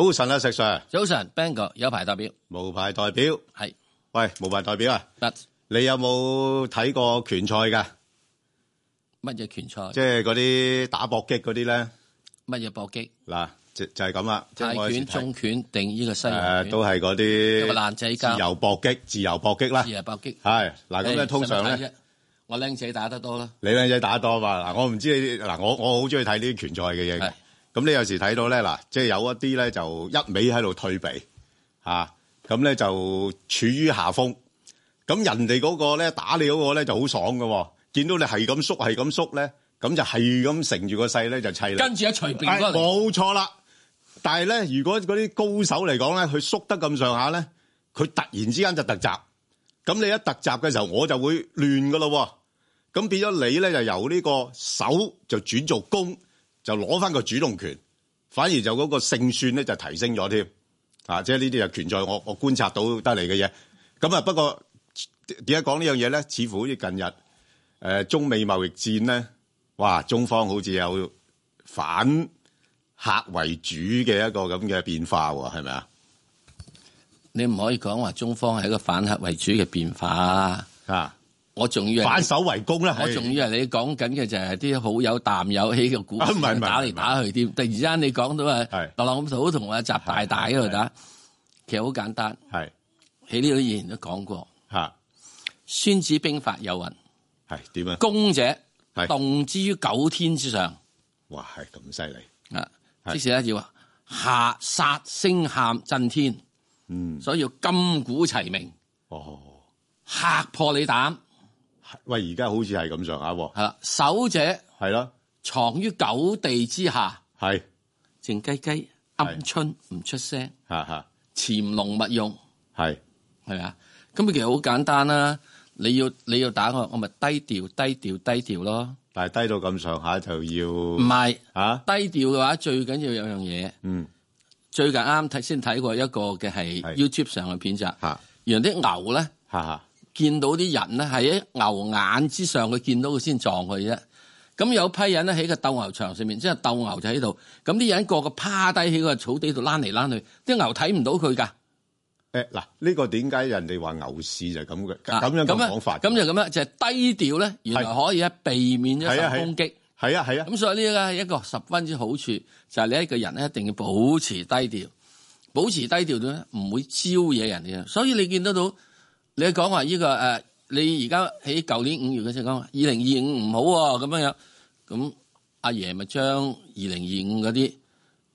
早晨啦，石 Sir。早晨，Bang 哥有排代表？無牌代表。係。喂，無牌代表啊？But, 你有冇睇過拳賽噶？乜嘢拳賽？即係嗰啲打搏擊嗰啲咧？乜嘢搏擊？嗱，就就係咁啦。泰拳、中拳定呢個西洋拳、啊、都係嗰啲。有爛仔。自由搏擊，自由搏擊啦。自由搏擊。係。嗱，咁樣、欸、通常咧，我僆仔打得多啦。你僆仔打得多嘛？嗱，我唔知你嗱，我我好中意睇呢啲拳賽嘅嘢。咁你有時睇到咧，嗱，即係有一啲咧就一味喺度退避，嚇、啊，咁咧就處於下風。咁人哋嗰個咧打你嗰個咧就好爽嘅喎，見到你係咁縮係咁縮咧，咁就係咁承住個勢咧就砌啦。跟住一隨便翻嚟，冇錯啦。但係咧，如果嗰啲高手嚟講咧，佢縮得咁上下咧，佢突然之間就突襲。咁你一突襲嘅時候，我就會亂㗎咯喎。咁變咗你咧，就由呢個手就轉做攻。就攞翻個主動權，反而就嗰個勝算咧就提升咗添，啊！即係呢啲就權在我我觀察到得嚟嘅嘢。咁啊，不過點解講呢樣嘢咧？似乎近日誒中美貿易戰咧，哇！中方好似有反客為主嘅一個咁嘅變化，係咪啊？你唔可以講話中方係一個反客為主嘅變化啊！我仲以為反手為攻咧，我仲以為你講緊嘅就係啲好有膽有氣嘅股打嚟打去添。突然之間你講到啊，特朗普同阿習大大喺度打，其實好簡單。係，喺呢度以前都講過。嚇，孫子兵法有云，係點啊？攻者，係動之於九天之上。哇，係咁犀利啊！即是咧，要下殺聲喊震天。嗯，所以要金鼓齊鳴，哦，嚇破你膽。喂，而家好似係咁上下喎。係啦，守者係囉，藏於九地之下。係靜雞雞，鵪鶉唔出聲。哈哈，潛龍勿用。係，係咪啊？咁其實好簡單啦。你要你要打我，我咪低調低調低調咯。但係低到咁上下就要唔係吓低調嘅話，最緊要有樣嘢。嗯，最近啱睇先睇過一個嘅係 YouTube 上嘅片集。吓，原啲牛咧。哈哈。見到啲人咧，係喺牛眼之上，佢見到佢先撞佢啫。咁有批人咧喺個鬥牛場上面，即係鬥牛就喺度。咁啲人個個趴低喺個草地度躝嚟躝去，啲牛睇唔到佢噶。誒嗱，呢個點解人哋話牛市就係咁嘅，咁樣嘅講法。咁就咁樣，就係低調咧。原來可以避免一啲攻擊。係啊係啊。咁所以呢一個係一個十分之好處，就係你一個人咧一定要保持低調，保持低調咧唔會招惹人嘅。所以你見得到。你講話呢個誒，你而家喺舊年五月嘅時候講，二零二五唔好喎、啊、咁樣，咁阿爺咪將二零二五嗰啲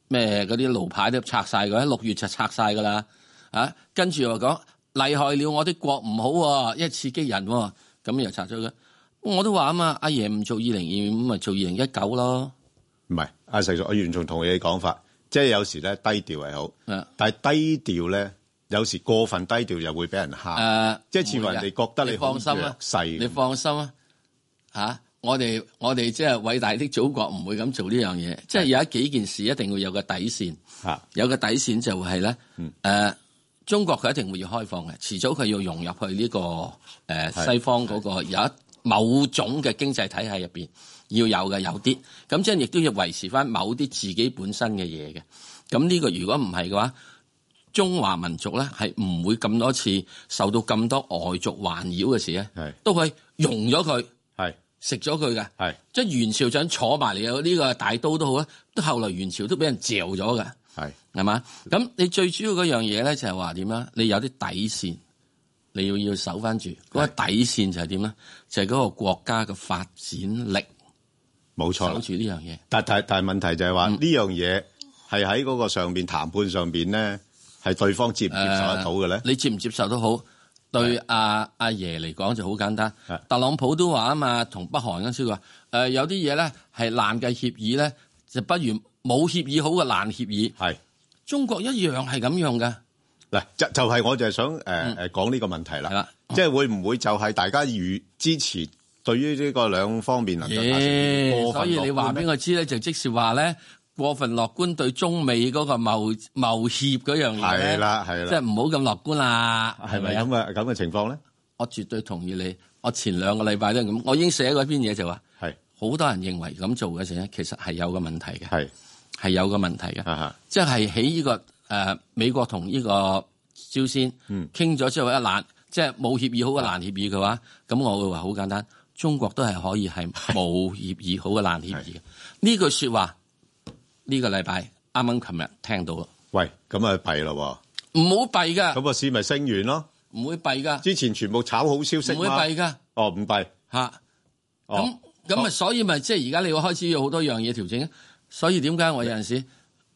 咩嗰啲路牌都拆晒佢，喺六月就拆晒噶啦，啊，跟住又講厲害了我的、啊，我啲國唔好喎，一刺激人喎、啊，咁又拆咗佢。我都話啊嘛，阿爺唔做二零二五，咪做二零一九咯。唔係，阿細叔，我完全同意你講法，即係有時咧低調係好，但係低調咧。有時過分低調又會俾人嚇，誒、呃，即係似乎人哋覺得你好弱勢。你放心，你放心啊，吓,我哋我哋即係偉大的祖國唔會咁做呢樣嘢，即係有一幾件事一定會有個底線，吓，有個底線就係、是、咧，誒、嗯啊，中國佢一定會要開放嘅，遲早佢要融入去呢、這個誒、呃、西方嗰個有一某種嘅經濟體系入邊要有嘅，有啲咁即係亦都要維持翻某啲自己本身嘅嘢嘅，咁呢個如果唔係嘅話。中華民族咧係唔會咁多次受到咁多外族環繞嘅事咧，都去融咗佢，食咗佢嘅，即係元朝想坐埋嚟有呢個大刀都好啦，都後來元朝都俾人嚼咗嘅，係係嘛？咁你最主要嗰樣嘢咧就係話點啊？你有啲底線，你要要守翻住嗰、那個、底線就係點咧？就係、是、嗰個國家嘅發展力冇錯守住呢樣嘢，但但但係問題就係話呢樣嘢係喺嗰個上面談判上面咧。係對方接唔接受得到嘅咧、呃？你接唔接受都好，對阿阿爺嚟講就好簡單。特朗普都話啊嘛，同北韓一說話，誒、呃、有啲嘢咧係爛嘅協議咧，就不如冇協議好過爛協議。係中國一樣係咁樣嘅。嗱，就就係、是、我就係想誒誒講呢個問題啦。即係會唔會就係大家如支持對於呢個兩方面能夠達成、欸？所以你話俾我知咧，就即是話咧。過份樂觀對中美嗰個貿貿協嗰樣嘢啦，即係唔好咁樂觀啦，係咪咁嘅咁嘅情況咧？我絕對同意你。我前兩個禮拜都係咁，我已經寫過一篇嘢就話，係好多人認為咁做嘅時候，其實係有個問題嘅，係係有個問題嘅、啊，這個呃嗯，即係喺呢個誒美國同呢個朝鮮傾咗之後一爛，即係冇協議好嘅爛協議嘅話，咁我會話好簡單，中國都係可以係冇協議好嘅爛協議嘅呢句說話。呢、這個禮拜啱啱琴日聽到咯，喂，咁啊閉喎？唔好閉噶，咁啊市咪升完咯，唔會閉噶，之前全部炒好消息，唔會閉噶，哦唔閉吓，咁咁啊，啊，啊，啊所以咪即係而家你要開始要好多樣嘢調整，所以點解我有陣時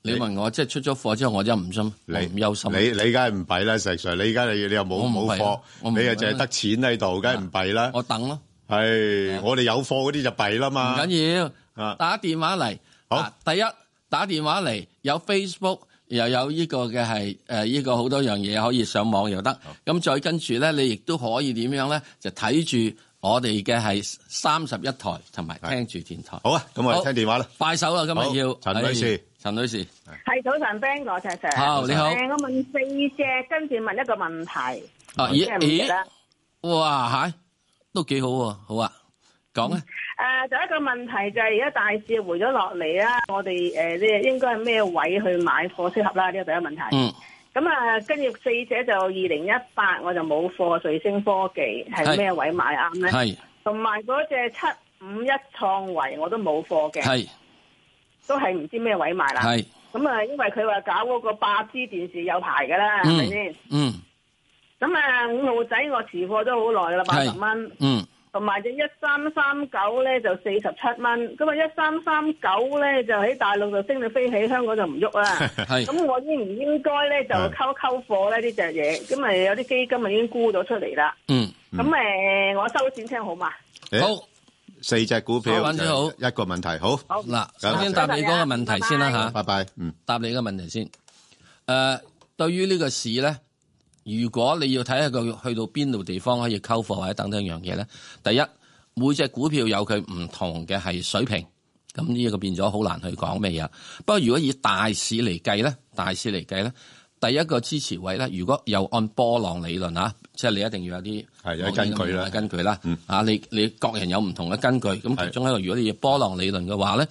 你，你問我即係、就是、出咗貨之後我真係唔心，你唔憂心，你你梗係唔閉啦石 Sir，你而家你你又冇冇貨，你又淨係得錢喺度，梗係唔閉啦，我等咯，係、嗯、我哋有貨嗰啲就閉啦嘛，唔緊要，打電話嚟、啊啊，好，第一。打電話嚟，有 Facebook 又有呢個嘅係誒呢個好多樣嘢可以上網又得，咁再跟住咧，你亦都可以點樣咧？就睇住我哋嘅係三十一台，同埋聽住電台。好啊，咁我哋聽電話啦。快手啦，今日要。陳女士，陳、哎、女士係早晨 band 我，謝謝。好，你好。我問四隻，跟住問一個問題。咦咦，哇吓、啊，都幾好喎、啊，好啊。講咧，誒、呃，第一個問題就係而家大市回咗落嚟啦，我哋誒，即、呃、係應該係咩位去買貨適合啦？呢個第一問題。嗯。咁啊，跟住四者就二零一八，我就冇貨，瑞星科技係咩位買啱咧？係。同埋嗰隻七五一創維我都冇貨嘅。係。都係唔知咩位買啦。係。咁啊，因為佢話搞嗰個八 G 電視有排噶啦，係咪先？嗯。咁、嗯、啊，五號仔我持貨都好耐啦，八十蚊。嗯。同埋隻一三三九咧就四十七蚊，咁啊一三三九咧就喺大陸度升到飛起，香港就唔喐啦。咁 我應唔應該咧就溝溝貨咧呢隻嘢？咁啊有啲基金啊已經沽咗出嚟啦。嗯，咁、嗯、誒我收錢聽好嘛、欸？好，四隻股票，好，就一個問題，好嗱，首先答你嗰個問題先啦吓，拜拜，嗯，答你個問題先。誒、呃，對於呢個市咧。如果你要睇下佢去到邊度地方可以溝貨或者等等一樣嘢咧，第一每隻股票有佢唔同嘅係水平，咁呢個個變咗好難去講咩嘢。不過如果以大市嚟計咧，大市嚟計咧，第一個支持位咧，如果又按波浪理論啊，即係你一定要有啲有根據啦，根據啦。啊、嗯，你你各人有唔同嘅根據咁、嗯、其中一個，如果你要波浪理論嘅話咧，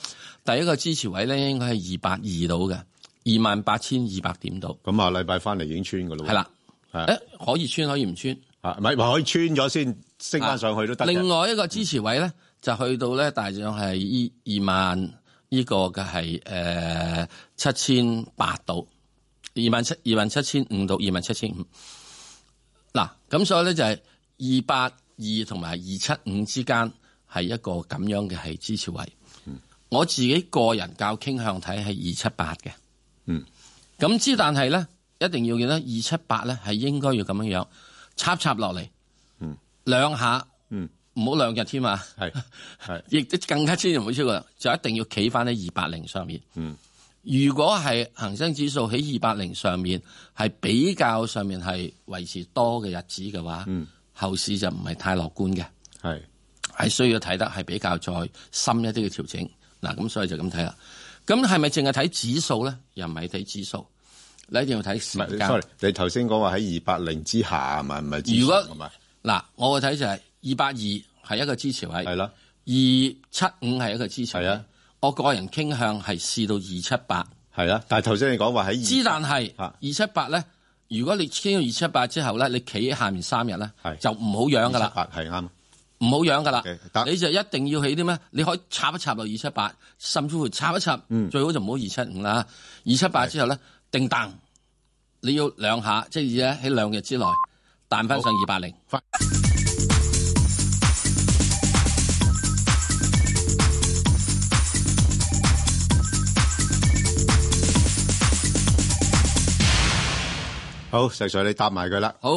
第一個支持位咧應該係二百二度嘅二萬八千二百點度。咁上禮拜翻嚟已經穿嘅咯。係啦。誒、哎，可以穿可以唔穿？吓、啊，咪可以穿咗先升翻上去都得、啊。另外一個支持位咧，就去到咧，大約係二二萬呢個嘅係誒七千八到二萬七二萬七千五到二萬七千五。嗱、啊，咁所以咧就係二八二同埋二七五之間係一個咁樣嘅係支持位、嗯。我自己個人較傾向睇係二七八嘅。嗯，咁之但係咧。一定要記得二七八咧，係應該要咁樣樣插插落嚟，嗯，兩下，嗯，唔好兩日添啊，係，係亦都更加千祈唔好超過，就一定要企返喺二八零上面，嗯，如果係恒生指數喺二八零上面係比較上面係維持多嘅日子嘅話，嗯，後市就唔係太樂觀嘅，係，係需要睇得係比較再深一啲嘅調整，嗱，咁所以就咁睇啦，咁係咪淨係睇指數咧？又唔係睇指數。你一定要睇時間你 Sorry，你頭先講話喺二百零之下，唔係唔係如果嗱，我會睇就係二百二係一個支持位。係啦。二七五係一個支持位。係啊。我個人傾向係試到二七八。係啊，但係頭先你講話喺。二之但係。嚇。二七八咧，如果你穿到二七八之後咧，你企喺下面三日咧，就唔好養噶啦。二七八係啱。唔好養噶啦。Okay, 你就一定要起啲咩？你可以插一插到二七八，甚至乎插一插，嗯、最好就唔好二七五啦。二七八之後咧。是的是的叮當你要兩下，即係而家喺兩日之內彈翻上二百零。好，石 Sir，你答埋佢啦。好，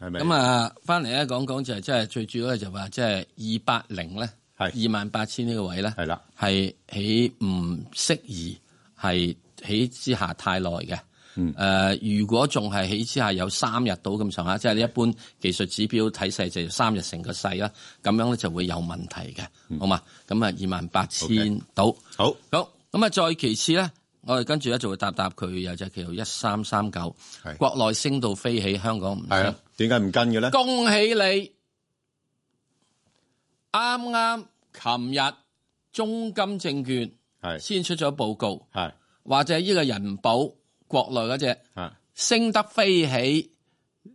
係咪？咁啊，翻嚟咧講講就係即係最主要咧就話即係二百零咧，係二萬八千呢個位咧，係啦，係喺唔適宜係。起之下太耐嘅，誒、呃，如果仲係起之下有三日到咁上下，即係你一般技術指標睇勢就是、三日成個勢啦。咁樣咧就會有問題嘅、嗯，好嘛？咁啊，二萬八千到，好好，咁啊，再其次咧，我哋跟住咧就會答答佢，又就係其號一三三九，國內升到飛起，香港唔係啊？點解唔跟嘅咧？恭喜你，啱啱琴日中金證券先出咗報告。或者呢個人保國內嗰隻啊，升得飛起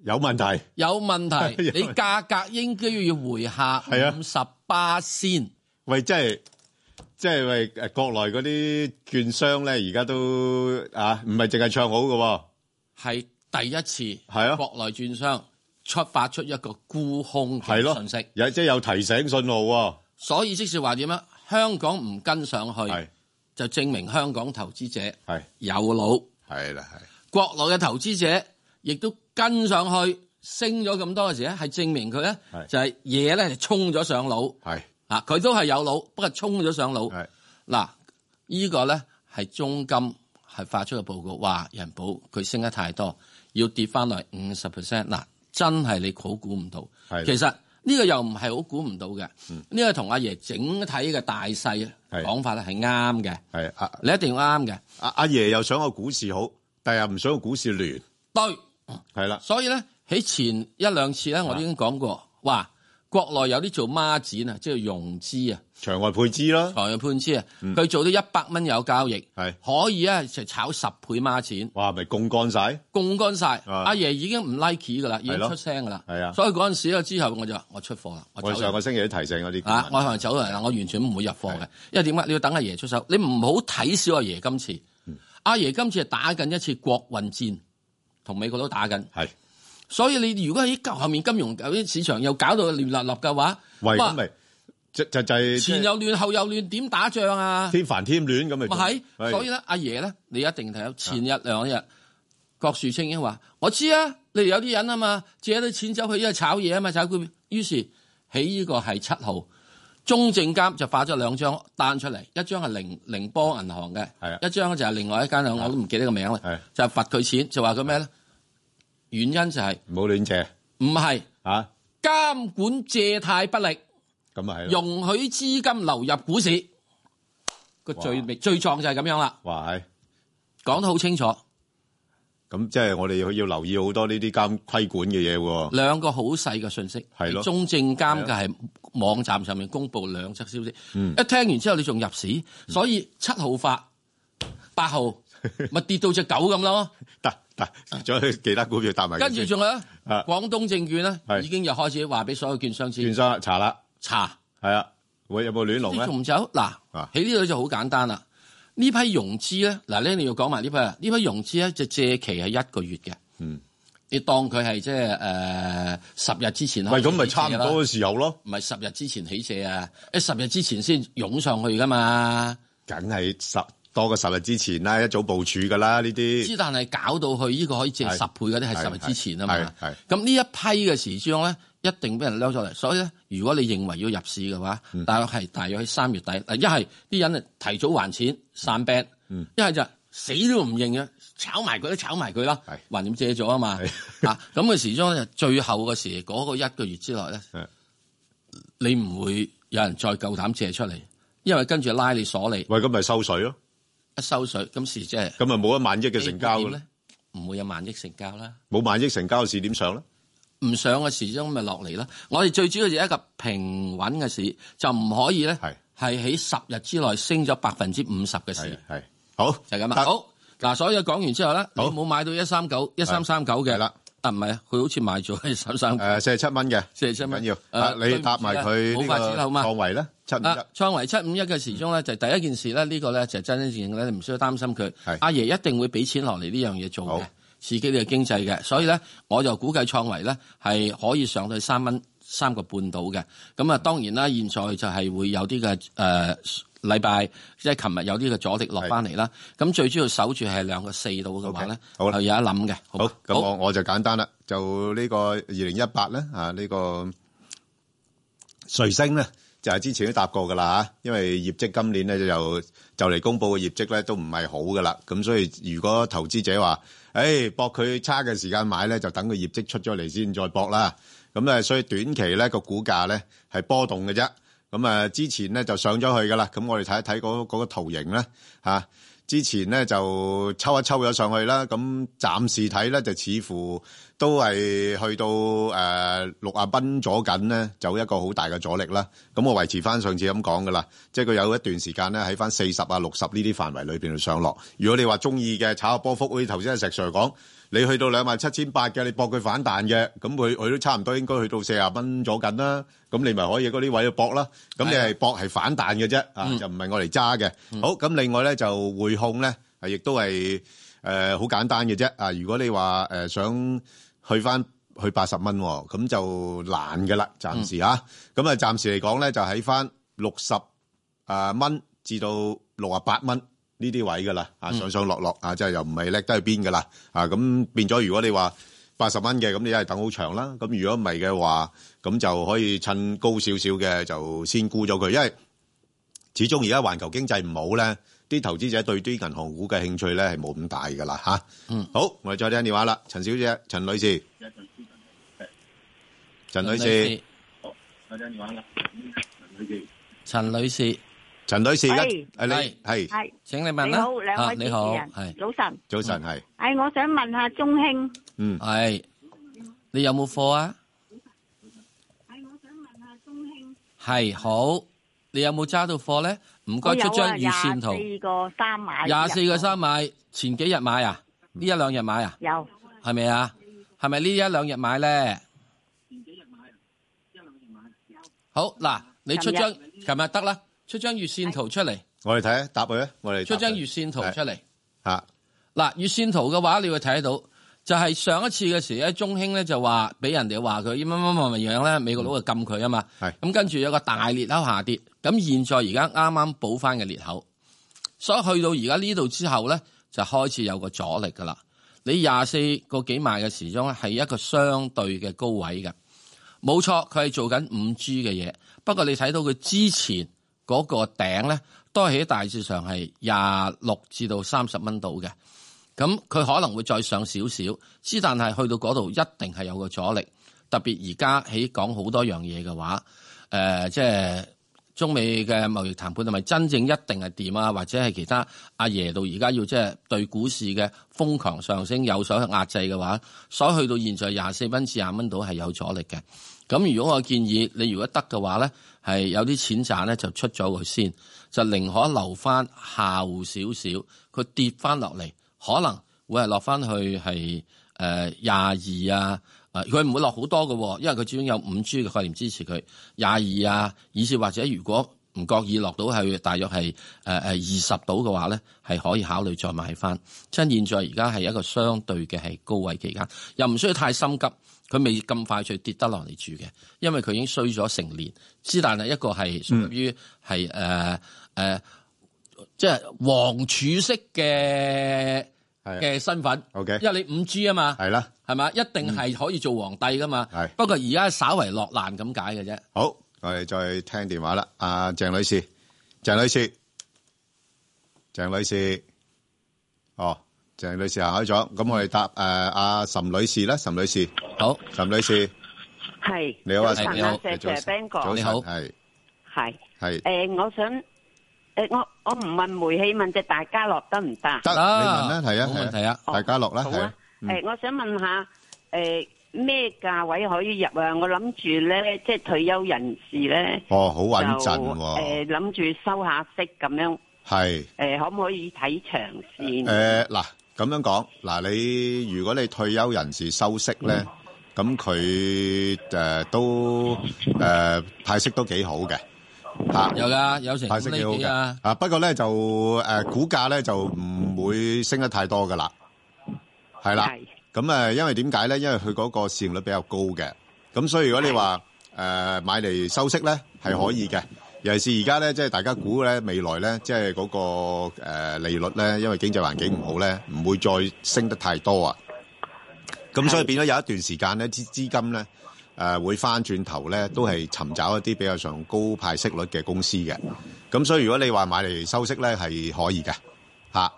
有問題，有問題， 有問題，你價格應該要回下五十八先。喂、啊、即係即係喂，誒，國內嗰啲券商咧，而家都啊唔係淨係唱好嘅。係第一次係啊，國內券商出發出一個沽空係咯，訊息有即係有提醒訊號啊，所以即是話點樣，香港唔跟上去。就證明香港投資者係有腦，係啦，係國內嘅投資者亦都跟上去升咗咁多嘅時咧，係證明佢咧就係嘢咧衝咗上腦，係啊，佢都係有腦，不過衝咗上腦。係嗱，呢個咧係中金係發出嘅報告，話人保佢升得太多，要跌翻落五十 percent，嗱，真係你好估唔到，係其實。呢、這個又唔係好估唔到嘅，呢、這個同阿爺整體嘅大勢講法咧係啱嘅，係啊，你一定要啱嘅。阿阿爺又想個股市好，但係又唔想個股市亂，對，係啦。所以咧喺前一兩次咧，我都已經講過話。國內有啲做孖展啊，即係融資啊，場外配資啦，場外配資啊，佢、嗯、做到一百蚊有交易，係可以啊，就炒十倍孖展。哇，咪槓桿晒，槓桿晒，阿爺已經唔 like 噶啦，已經出聲噶啦，係啊，所以嗰陣時之後我就我出貨啦。我上個星期都提醒我啲吓，我係走人啦，我完全唔會入貨嘅，因為點解？你要等阿爺出手，你唔好睇小阿爺今次。嗯、阿爺今次係打緊一次國運戰，同美國都打緊。所以你如果喺後面金融有啲市場又搞到亂立立嘅話，哇，咪就係、就係、就係、前又亂後又亂，點打仗啊？添煩添亂咁咪？係、就係，所以咧，阿爺咧，你一定睇到前一兩日，兩日郭樹清已經話：我知啊，你哋有啲人啊嘛，借咗啲錢走去因為炒嘢啊嘛，炒股票，於是喺呢個係七號中證監就發咗兩張單出嚟，一張係寧寧波銀行嘅，一張就係另外一間我我都唔記得個名啦，就罰、係、佢錢，就話佢咩咧？原因就係唔好亂借，唔係啊，監管借貸不力，咁啊係，容許資金流入股市個罪名罪狀就係咁樣啦。哇，講得好清楚，咁即係我哋要要留意好多呢啲監規管嘅嘢喎。兩個好細嘅信息，係咯，中證監嘅係網站上面公布兩則消息，一聽完之後你仲入市，所以七號發八號咪跌到隻狗咁咯。仲、啊、有其他股票搭埋，跟住仲有啊，廣東證券咧、啊，已經又開始話俾所有券商知，券商查啦，查係啊，會有冇亂龍咧？唔走嗱，喺呢度就好簡單啦。呢批融資咧，嗱、啊、咧你要講埋呢批啊，呢批融資咧就借期係一個月嘅，嗯，你當佢係即係誒十日之前，喂咁咪差唔多嘅時候咯，唔係十日之前起借啊，誒十日之前先湧上去噶嘛，梗係十。多過十日之前啦，一早部署噶啦呢啲。之但係搞到去呢、呢個可以借十倍嗰啲，係十日之前啊嘛。咁呢一批嘅時裝咧，一定俾人溜咗嚟。所以咧，如果你認為要入市嘅話，大約係大約喺三月底。一係啲人提早還錢散餅，一、嗯、係就死都唔認嘅，炒埋佢都炒埋佢啦。還點借咗啊嘛？啊，咁嘅時裝就最後嘅時，嗰、嗰個一個月之內咧，你唔會有人再夠膽借出嚟，因為跟住拉你鎖你。喂，咁咪收水咯。收水今時即係咁啊，冇一萬億嘅成交嘅咧，唔會有萬億成交啦，冇萬億成交嘅市點上咧？唔上嘅市終咪落嚟啦。我哋最主要就一個平穩嘅市，就唔可以咧係喺十日之內升咗百分之五十嘅市。係好就係咁啦。好嗱，所有講完之後咧，有冇買到一三九一三三九嘅啦？啊，唔係啊，佢好似賣咗去十三，誒，四十七蚊嘅，四十七蚊唔緊要，啊，你搭埋佢好呢嘛創維咧，七，啊，創維七五一嘅時鐘咧，就第一件事咧，呢、嗯這個咧就真真正正咧，你唔需要擔心佢，係，阿爺一定會俾錢落嚟呢樣嘢做嘅，刺激你嘅經濟嘅，所以咧，我就估計創維咧係可以上到去三蚊三個半度嘅，咁啊，當然啦，現在就係會有啲嘅誒。呃禮拜即係琴日有呢個阻力落翻嚟啦，咁最主要守住係兩個四度嘅話咧，係有得諗嘅。好，咁我我就簡單啦，就呢個二零一八咧，啊呢個瑞星咧，就係之前都答過噶啦，因為業績今年咧就就嚟公布嘅業績咧都唔係好噶啦，咁所以如果投資者話，誒，博佢差嘅時間買咧，就等佢業績出咗嚟先再博啦，咁咧所以短期咧個股價咧係波動嘅啫。咁啊，之前咧就上咗去噶啦，咁我哋睇一睇嗰個圖形咧，吓，之前咧就抽一抽咗上去啦，咁暫時睇咧就似乎都係去到誒六啊奔咗緊咧，就一個好大嘅阻力啦。咁我維持翻上次咁講噶啦，即係佢有一段時間咧喺翻四十啊六十呢啲範圍裏邊上落。如果你話中意嘅炒下波幅，好似頭先阿石 Sir 講。你去到兩萬七千八嘅，你搏佢反彈嘅，咁佢佢都差唔多應該去到四十蚊左近啦。咁你咪可以嗰啲位去搏啦。咁你係搏係反彈嘅啫，啊，就唔係我嚟揸嘅。好，咁另外咧就匯控咧，係亦都係誒好簡單嘅啫。啊，如果你話誒想去翻去八十蚊喎，咁就難嘅啦。暫時嚇，咁啊暫時嚟講咧就喺翻六十啊蚊至到六十八蚊。呢啲位噶啦，啊上上落落，嗯、啊，即係又唔係叻得去邊噶啦，啊咁變咗。如果你話八十蚊嘅，咁你一係等好長啦。咁如果唔係嘅話，咁就可以趁高少少嘅就先沽咗佢，因為始終而家環球經濟唔好咧，啲投資者對啲銀行股嘅興趣咧係冇咁大噶啦，吓、啊。嗯。好，我哋再聽電話啦，陳小姐，陳女士。陳女士。好，再聽電話啦，陳女士。陳女士，係係係，請你問啦。你好，兩位主持人，係早晨，早晨係。哎，我想問下中興，嗯，係，你有冇貨啊？係我想問下中興，係好，你有冇揸到貨咧？唔該，出張預線圖。廿四個三買，廿四個三買，前幾日買啊？呢一兩日買啊？有係咪啊？係咪呢一兩日買咧？前幾日買，一兩日買，有。好嗱，你出張，琴日得啦。出張月線圖出嚟，我哋睇啊，答佢啊，我哋。出張月線圖出嚟吓嗱。月線圖嘅話，你會睇到就係上一次嘅時咧中興咧，就話俾人哋話佢乜乜乜乜樣咧，美國佬就撳佢啊嘛。係咁跟住有個大裂口下跌，咁現在而家啱啱補翻嘅裂口，所以去到而家呢度之後咧，就開始有個阻力噶啦。你廿四個幾萬嘅時鐘係一個相對嘅高位嘅，冇錯，佢係做緊五 G 嘅嘢。不過你睇到佢之前。嗰、那個頂咧，都係喺大致上係廿六至到三十蚊度嘅，咁佢可能會再上少少，之但係去到嗰度一定係有個阻力，特別而家喺講好多樣嘢嘅話，呃、即係中美嘅貿易談判係咪真正一定係掂啊，或者係其他阿爺到而家要即係對股市嘅瘋狂上升有所壓制嘅話，所以去到現在廿四蚊至廿蚊度係有阻力嘅。咁如果我建議你，如果得嘅話咧，係有啲錢賺咧，就出咗佢先，就寧可留翻後少少。佢跌翻落嚟，可能會係落翻去係誒廿二啊，誒佢唔會落好多嘅喎，因為佢始終有五 G 嘅概念支持佢廿二啊，以至或者如果唔覺意落到係大約係誒誒二十度嘅話咧，係可以考慮再買翻。趁現在而家係一個相對嘅係高位期間，又唔需要太心急。佢未咁快脆跌得落嚟住嘅，因為佢已經衰咗成年。之但係一個係屬於係誒誒，即係皇儲式嘅嘅身份。O、okay, K，因為你五 G 啊嘛，係啦，係嘛，一定係可以做皇帝㗎嘛。係、嗯、不過而家稍為落難咁解嘅啫。好，我哋再聽電話啦。阿、啊、鄭女士，鄭女士，鄭女士，哦。鄭女士行開咗，咁我哋答，誒阿岑女士啦，岑女士好，岑女士係，你好啊，早晨啊，謝謝 Ben 哥，你好係係係誒，我想誒我我唔問煤氣，問即大家樂得唔得？得啦，你問啦，係啊，冇問題啊，大家樂啦，係誒，我想問下誒咩價位可以入啊？我諗住咧，即係退休人士咧，哦，好穩陣喎，誒諗住收下息咁樣，係誒可唔可以睇長線？誒嗱。咁樣講，嗱你如果你退休人士收息咧，咁佢誒都誒派息都幾好嘅，嚇，有㗎，有成派息幾好㗎。啊不過咧就誒股價咧就唔會升得太多噶啦，係啦。咁誒因為點解咧？因為佢嗰個市盈率比較高嘅，咁所以如果你話誒買嚟收息咧，係可以嘅。尤其是而家咧，即係大家估咧，未來咧，即係嗰個利率咧，因為經濟環境唔好咧，唔會再升得太多啊。咁所以變咗有一段時間咧，資金咧誒會翻轉頭咧，都係尋找一啲比較上高派息率嘅公司嘅。咁所以如果你話買嚟收息咧，係可以嘅嚇。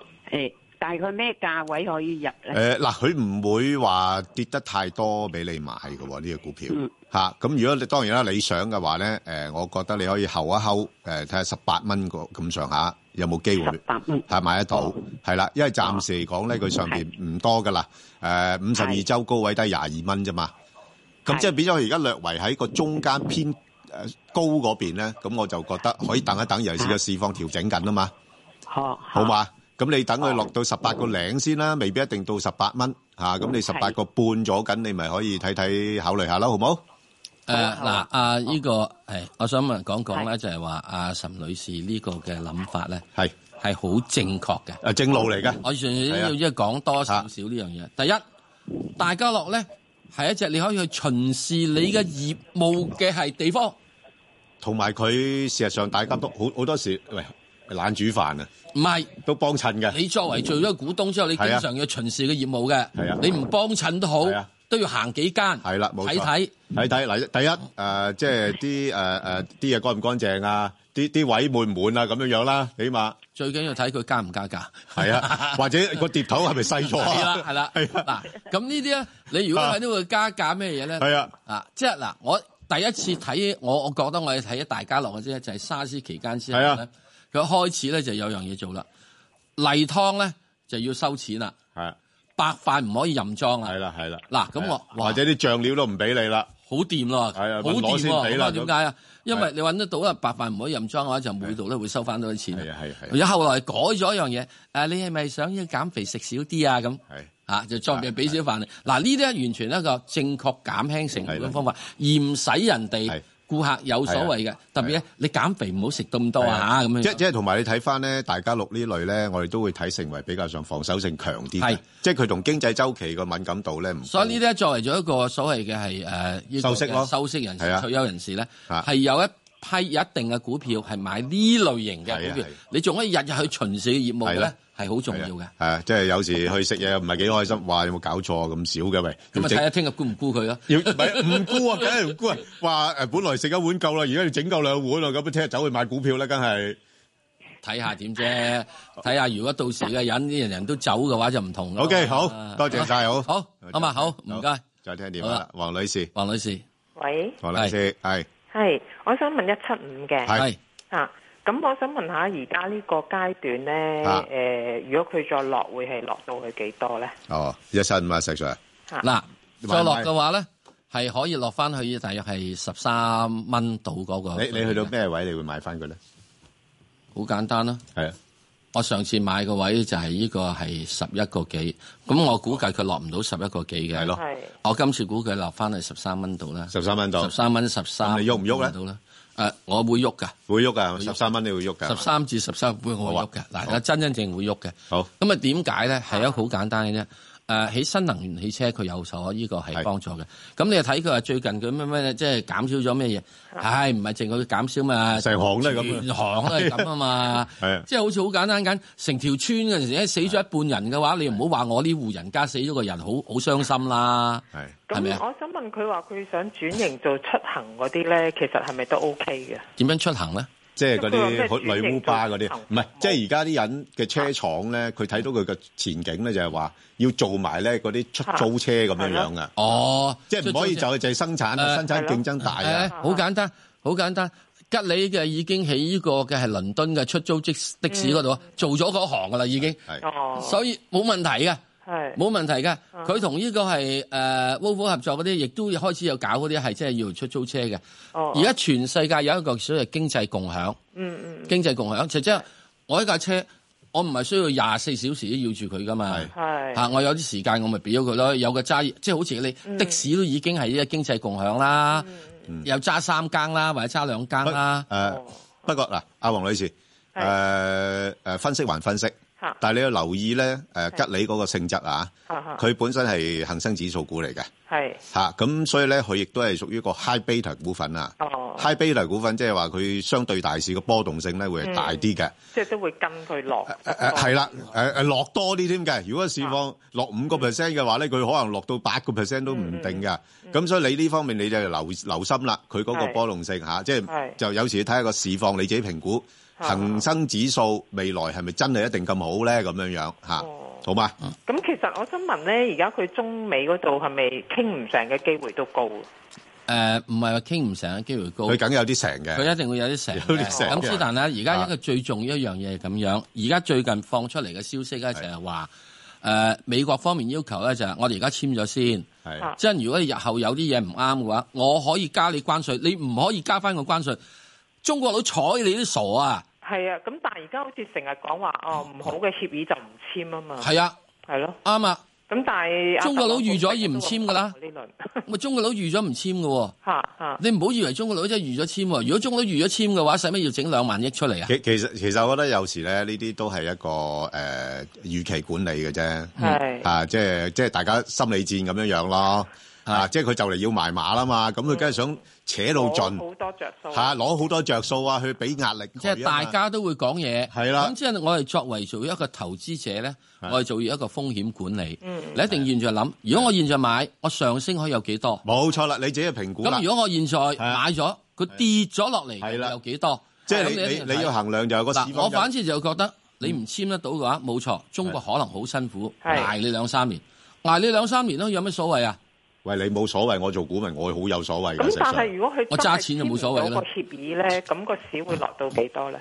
大概咩價位可以入咧？誒、呃，嗱，佢唔會話跌得太多俾你買嘅喎，啊、呢，這個股票吓。咁，嗯啊，如果你當然啦，你想嘅話咧，誒、呃，我覺得你可以候一候，誒、呃，睇下十八蚊個咁上下有冇機會係買得到？係、嗯、啦，因為暫時嚟講咧，佢、嗯、上邊唔多噶啦。誒、呃，五十二周高位低廿二蚊啫嘛。咁，啊嗯，即係變咗，而家略為喺個中間偏誒高嗰邊咧。咁我就覺得可以等一等，尤其是個市況調整緊啊嘛。好，嗯嗯，好嘛。咁你等佢落到十八個零先啦，未必一定到十八蚊嚇。咁你十八個半咗緊，你咪可以睇睇考慮下啦，好冇？誒嗱，阿呢個誒，我想問講講咧，就係話阿岑女士呢個嘅諗法咧，係係好正確嘅，誒正路嚟嘅。我上上一於講多少少呢樣嘢。第一，大家樂咧係一隻你可以去巡視你嘅業務嘅係地方，同埋佢事實上大家都好好多時喂懶煮飯啊。唔係，都幫襯嘅。你作為做咗個股東之後，你經常要巡視嘅業務嘅。係啊，你唔幫襯都好、啊，都要行幾間。係啦，冇錯。睇睇，睇睇嗱，第一誒，即係啲誒誒啲嘢乾唔乾淨啊？啲啲位滿唔滿啊？咁樣樣啦，起碼。最緊要睇佢加唔加價。係啊， 或者個碟頭係咪細咗啊？係啦、啊，係啦、啊。嗱、 啊，咁呢啲咧，你如果喺呢個加價咩嘢咧？係啊。嗱、啊，即係嗱、啊，我第一次睇，我我覺得我哋睇一大家樂嘅啫，就係、是、沙士期間先。係啊。佢開始咧就有樣嘢做啦，例湯咧就要收錢啦、啊。白飯唔可以任裝啦。係啦、啊，係啦、啊。嗱，咁我、啊、或者啲醬料都唔俾你啦。好掂咯、啊，好掂喎、哦。點解啊？因為你搵得到，到啊，白飯唔可以任裝嘅話，就每度咧會收翻多啲錢。係係係。而家後來改咗一樣嘢，你係咪想要減肥食少啲啊？咁係、啊、就裝嘅俾少飯嗱、啊，呢啲、啊、完全一個正確減輕食量嘅方法，而唔使人哋。顧客有所謂嘅，特別咧，你減肥唔好食咁多吓，咁樣。即即係同埋你睇返咧，大家樂呢類咧，我哋都會睇成為比較上防守性強啲，即係佢同經濟週期個敏感度咧唔。所以呢啲咧作為咗一個所謂嘅係誒，收息咯，收息人士、退休人士咧，係有一批一定嘅股票係買呢類型嘅股票，你仲可以日日去巡視業務咧。係好重要嘅，係即係有時去食嘢唔係幾開心，話有冇搞錯咁少嘅咪咁啊？睇下聽日沽唔沽佢咯？要唔係唔沽啊？梗係唔沽啊！話誒本來食一碗夠啦，而家要整夠兩碗啦，咁聽日走去買股票咧，梗係睇下點啫？睇下如果到時嘅人人人都走嘅話，就唔同啦。OK，好多謝晒，好好咁啊，好唔該，再聽電話啦，黃女士，黃女士，喂，黃女士係係，我想問一七五嘅係啊。咁我想問下，而家呢個階段咧，誒、呃，如果佢再落，會係落到去幾多咧？哦，一三五啊 Sir。吓，嗱，再落嘅話咧，係可以落翻去大約係十三蚊度嗰個。你你去到咩位，你會買翻佢咧？好簡單囉、啊。係啊，我上次買位個位就係呢個係十一個幾，咁我估計佢落唔到十一個幾嘅，係咯，係。我今次估計落翻去十三蚊度啦，十三蚊度，十三蚊十三，你喐唔喐咧？誒、啊，我會喐噶，會喐噶，十三蚊你會喐噶，十三至十三會我喐噶。嗱、啊，真真正會喐嘅。好，咁啊點解咧？係一個好簡單嘅啫。誒、啊、喺新能源汽車佢有所呢個係幫助嘅，咁你又睇佢話最近佢咩咩即係減少咗咩嘢？唉、哎，唔係淨係佢減少嘛？轉行咧咁，轉行呢？咁啊嘛，即係好似好簡單成條村嘅陣時死咗一半人嘅話，你唔好話我呢戶人家死咗個人，好好傷心啦。係，咁我想問佢話佢想轉型做出行嗰啲咧，其實係咪都 OK 嘅？點樣出行咧？即係嗰啲女巫巴嗰啲，唔係，即係而家啲人嘅車廠咧，佢、啊、睇到佢嘅前景咧，就係話要做埋咧嗰啲出租車咁樣樣啊！哦，即係唔可以就就係生產、啊，生產競爭大啊！好、啊、簡單，好簡單，吉利嘅已經起過嘅係倫敦嘅出租的士嗰度、嗯，做咗嗰行噶啦已經，啊、所以冇問題嘅。係冇問題嘅，佢同呢個係呃，Volvo 合作嗰啲，亦都開始有搞嗰啲，係即係要出租車嘅。而、哦、家全世界有一個所謂經濟共享，嗯嗯，經濟共享就即、是、係我呢架車，我唔係需要廿四小時都要住佢㗎嘛、啊。我有啲時間我咪畀咗佢咯。有個揸，即、就、係、是、好似你的士都已經係呢個經濟共享啦、嗯嗯，有揸三更啦，或者揸兩更啦。誒、嗯嗯啊嗯，不過嗱，阿、啊、黃女士，誒、呃、分析還分析。但係你要留意咧，吉利嗰個性質啊，佢本身係恆生指數股嚟嘅，咁所以咧佢亦都係屬於個 high beta 股份啊、哦、high beta 股份即係話佢相對大市嘅波動性咧會大啲嘅、嗯，即係都會跟佢落，係、啊、啦，落、啊啊、多啲添嘅。如果市況落五個 percent 嘅話咧，佢、嗯、可能落到八個 percent 都唔定㗎。咁、嗯嗯、所以你呢方面你就留留心啦，佢嗰個波動性吓，即係、啊就係、就有時睇下個市況，你自己評估。恒生指數未來係咪真係一定咁好咧？咁樣樣嚇，好嘛？咁其實我想問咧，而家佢中美嗰度係咪傾唔成嘅機會都高？誒、呃，唔係話傾唔成嘅機會高，佢梗有啲成嘅，佢一定會有啲成。有啲成嘅。咁、嗯嗯、但係而家一個最重要的一樣嘢係咁樣，而家最近放出嚟嘅消息咧，就係話誒美國方面要求咧，就係我哋而家簽咗先，即係如果你日後有啲嘢唔啱嘅話，我可以加你關稅，你唔可以加翻個關稅，中國佬睬你都傻啊！係啊，咁但係而家好似成日講話哦，唔好嘅協議就唔簽啊嘛。係、嗯、啊，係咯，啱啊。咁但係中國佬預咗要唔簽噶啦。呢輪咪中國佬預咗唔簽㗎喎。吓吓。你唔好以為中國佬真係預咗簽喎。如果中國佬預咗簽嘅話，使乜要整兩萬億出嚟啊？其實其實其我覺得有時咧，呢啲都係一個誒預、呃、期管理嘅啫、嗯。啊，即係即係大家心理戰咁樣樣咯。啊！即係佢就嚟要埋馬啦嘛，咁佢梗係想扯到盡，好多，啊啊、好多着數吓，攞好多着數啊，去俾壓力。即係大家都會講嘢，係啦。咁即係我哋作為做一個投資者咧，我哋做一個風險管理，你一定現在諗，如果我現在買，我上升可以有幾多？冇錯啦，你自己評估啦，咁如果我現在買咗，佢跌咗落嚟，有幾多？即係你你，你，你要衡量就係個市況。嗱，我反之就覺得你唔簽得到嘅話，冇、嗯、錯，中國可能好辛苦，挨你兩三年，挨你兩三年咯，有乜所謂啊？喂，你冇所謂，我做股民，我好有所謂嘅。咁但係如果佢真係簽咗個協議咧，我揸錢就冇所謂啦。咁個市會落到幾多咧？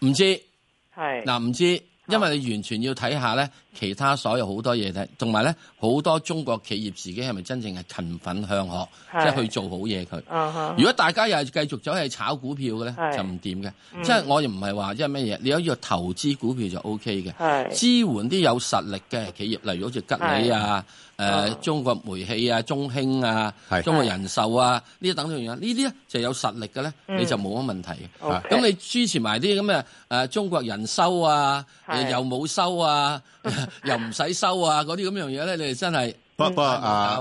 唔知係嗱，唔知，因為你完全要睇下咧。其他所有好多嘢咧，同埋咧，好多中國企業自己係咪真正係勤奮向學，即係、就是、去做好嘢佢？Uh -huh. 如果大家又係繼續走去炒股票嘅咧，就唔掂嘅。即、嗯、係、就是、我又唔係話即係乜嘢，你可以投資股票就 O K 嘅，支援啲有實力嘅企業，例如好似吉利啊、呃 uh -huh. 中國煤氣啊、中興啊、中國人壽啊呢啲等嘅樣呢啲咧就有實力嘅咧、嗯，你就冇乜問題。咁、okay. 你支持埋啲咁嘅呃中國人收啊，呃、又冇收啊。 又唔使收啊！嗰啲咁樣嘢咧，你哋真係。不不，阿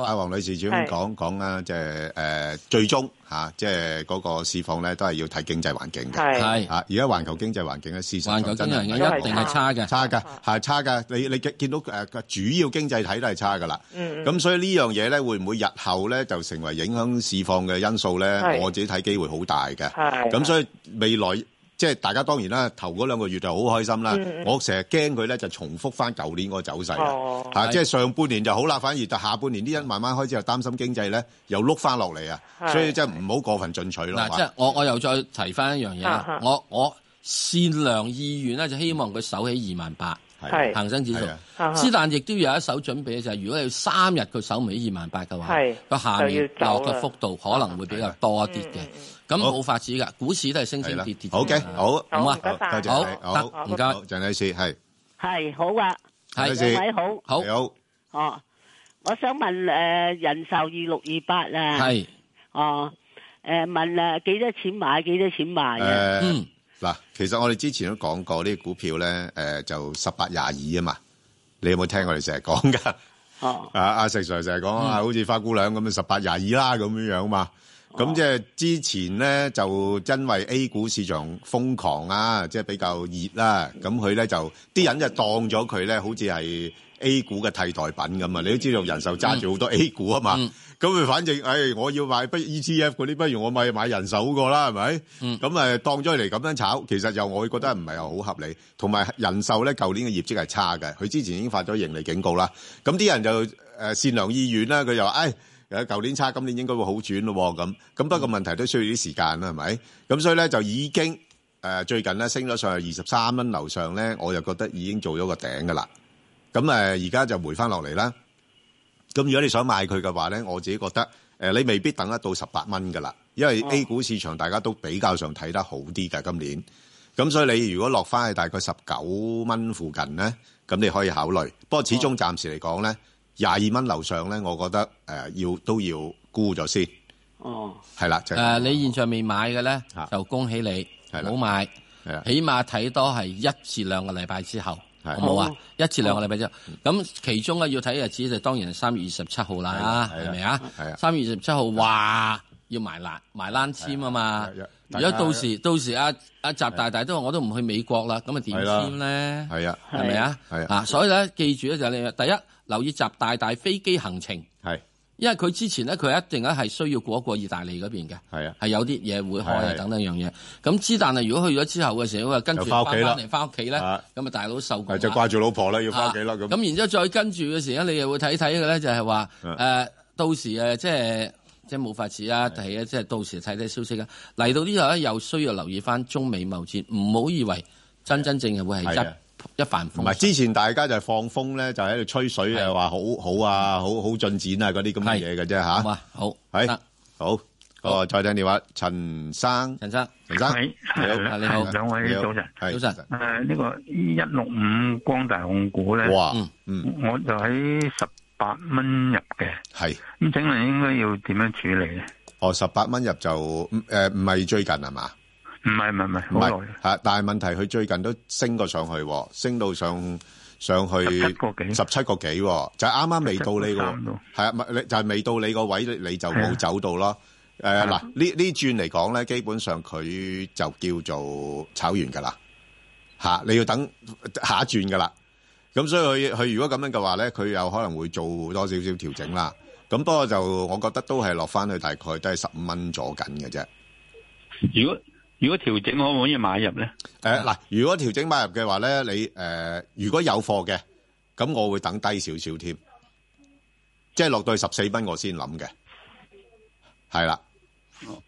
阿王女士，請講講啦，即係誒，最終吓，即係嗰個市況咧，都係要睇經濟環境嘅。係。吓，而家環球經濟環境咧，事實真係一定係差嘅。差嘅係差嘅，你你見見到誒個主要經濟體都係差噶啦。嗯。咁所以呢樣嘢咧，會唔會日後咧就成為影響市況嘅因素咧？係。我自己睇機會好大嘅。係。咁所以未來。即係大家當然啦，頭嗰兩個月就好開心啦、嗯。我成日驚佢咧就重複翻舊年個走勢啦。即、哦、係、啊、上半年就好啦，反而下半年呢一慢慢開始就擔心經濟咧又碌翻落嚟啊。所以真係唔好過分進取咯、啊啊。即係我我又再提翻一樣嘢啦。我我善良意願咧就希望佢守起二萬八，恆生指數。之、啊、但亦都有一手準備就係、是，如果你三日佢守唔起二萬八嘅話，佢下面嗰個幅度可能會比較多一啲嘅。咁冇法子噶，股市都係升升跌跌。好嘅，好，唔該，多謝你，好唔該，鄭女士係係好啊，鄭女士好，好哦，我想問誒，人壽二六二八啊，係哦，誒問誒幾多錢買，幾多錢賣啊？嗱，其實我哋之前都講過呢啲股票咧，誒就十八廿二啊嘛，你有冇聽我哋成日講噶？哦，阿阿石 Sir 成日講啊，好似花姑娘咁樣，十八廿二啦咁樣樣啊嘛。咁即係之前咧，就因為 A 股市場瘋狂啊，即係比較熱啦。咁佢咧就啲人就當咗佢咧，好似係 A 股嘅替代品咁啊！你都知道人壽揸住好多 A 股啊嘛。咁佢反正，唉，我要買不 ETF 嗰啲，不如我咪買人壽好過啦，係咪？咁誒，當咗嚟咁樣炒，其實又我覺得唔係好合理。同埋人壽咧，舊年嘅業績係差嘅，佢之前已經發咗盈利警告啦。咁啲人就誒善良意願啦，佢就話，唉。誒，舊年差，今年應該會好轉咯。咁，咁不過問題都需要啲時間啦，係咪？咁所以咧，就已經誒最近咧升咗上去二十三蚊樓上咧，我就覺得已經做咗個頂噶啦。咁誒，而家就回翻落嚟啦。咁如果你想買佢嘅話咧，我自己覺得誒，你未必等得到十八蚊噶啦，因為 A 股市場大家都比較上睇得好啲㗎今年。咁所以你如果落翻去大概十九蚊附近咧，咁你可以考慮。不過始終暫時嚟講咧。廿二蚊樓上咧，我覺得誒要、呃、都要沽咗先沽。哦，係啦，誒、就是啊、你現在未買嘅咧、啊，就恭喜你，冇買，起碼睇多係一至兩個禮拜之後，好冇啊、哦？一至兩個禮拜之後，咁、哦、其中咧要睇嘅日子就當然係三月二十七號啦，係咪啊？係啊，三月二十七號話要埋籃，埋攬籤啊嘛。如果到時到時阿、啊、習大大都話我都唔去美國啦，咁啊點簽咧？係啊，係咪啊？啊，所以咧記住咧就係、是、你第一。留意習大大飛機行程，係，因為佢之前咧，佢一定咧係需要過一過意大利嗰邊嘅，係啊，係有啲嘢會開啊等等一樣嘢。咁之但係，如果去咗之後嘅時候，跟住翻屋企翻屋企咧，咁啊大佬受夠就掛住老婆啦，要翻屋企啦。咁、啊、咁、啊、然之後再跟住嘅時候，你又會睇睇嘅咧，就係話誒到時誒即係即係冇法子啊，係啊，即係到時睇睇消息啦。嚟到呢度咧，又需要留意翻中美貿戰，唔好以為真真正正會係一。一帆風唔係之前大家就係放風咧，就喺度吹水啊，話好好啊，好好進展啊，嗰啲咁嘅嘢嘅啫吓，好啊，好，係、啊啊，好，哦，再聽、嗰個、電話，陳生，陳生，陳生，陳生，你好，你好，兩位早晨，早晨，誒呢、呃呢個一六五光大控股咧，哇，嗯我就喺十八蚊入嘅，係，咁請問應該要點樣處理咧？哦，十八蚊入就誒唔係最近係嘛？唔係唔係唔係，吓！但係問題，佢最近都升過上去，升到上上去十七個幾，十七個幾，就係啱啱未到呢個，係啊，咪就係、係、未到你個位，你就冇走到咯。誒，嗱、呃，呢呢轉嚟講咧，基本上佢就叫做炒完噶啦，吓，你要等下一轉噶啦。咁所以佢佢如果咁樣嘅話咧，佢又可能會做多少少調整啦。咁不過就我覺得都係落翻去大概都係十五蚊左緊嘅啫。如果如果調整，我可唔可以買入咧？誒，嗱，如果調整買入嘅話咧，你誒、呃，如果有貨嘅，咁我會等低少少添，即係落到去十四蚊，我先諗嘅，係啦。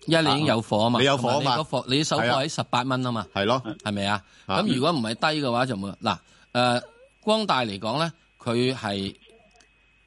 一你已經有貨啊嘛，你有貨嘛，你貨，你手貨喺十八蚊啊嘛，係咯，係咪啊？咁如果唔係低嘅話就冇。嗱，誒，光大嚟講咧，佢係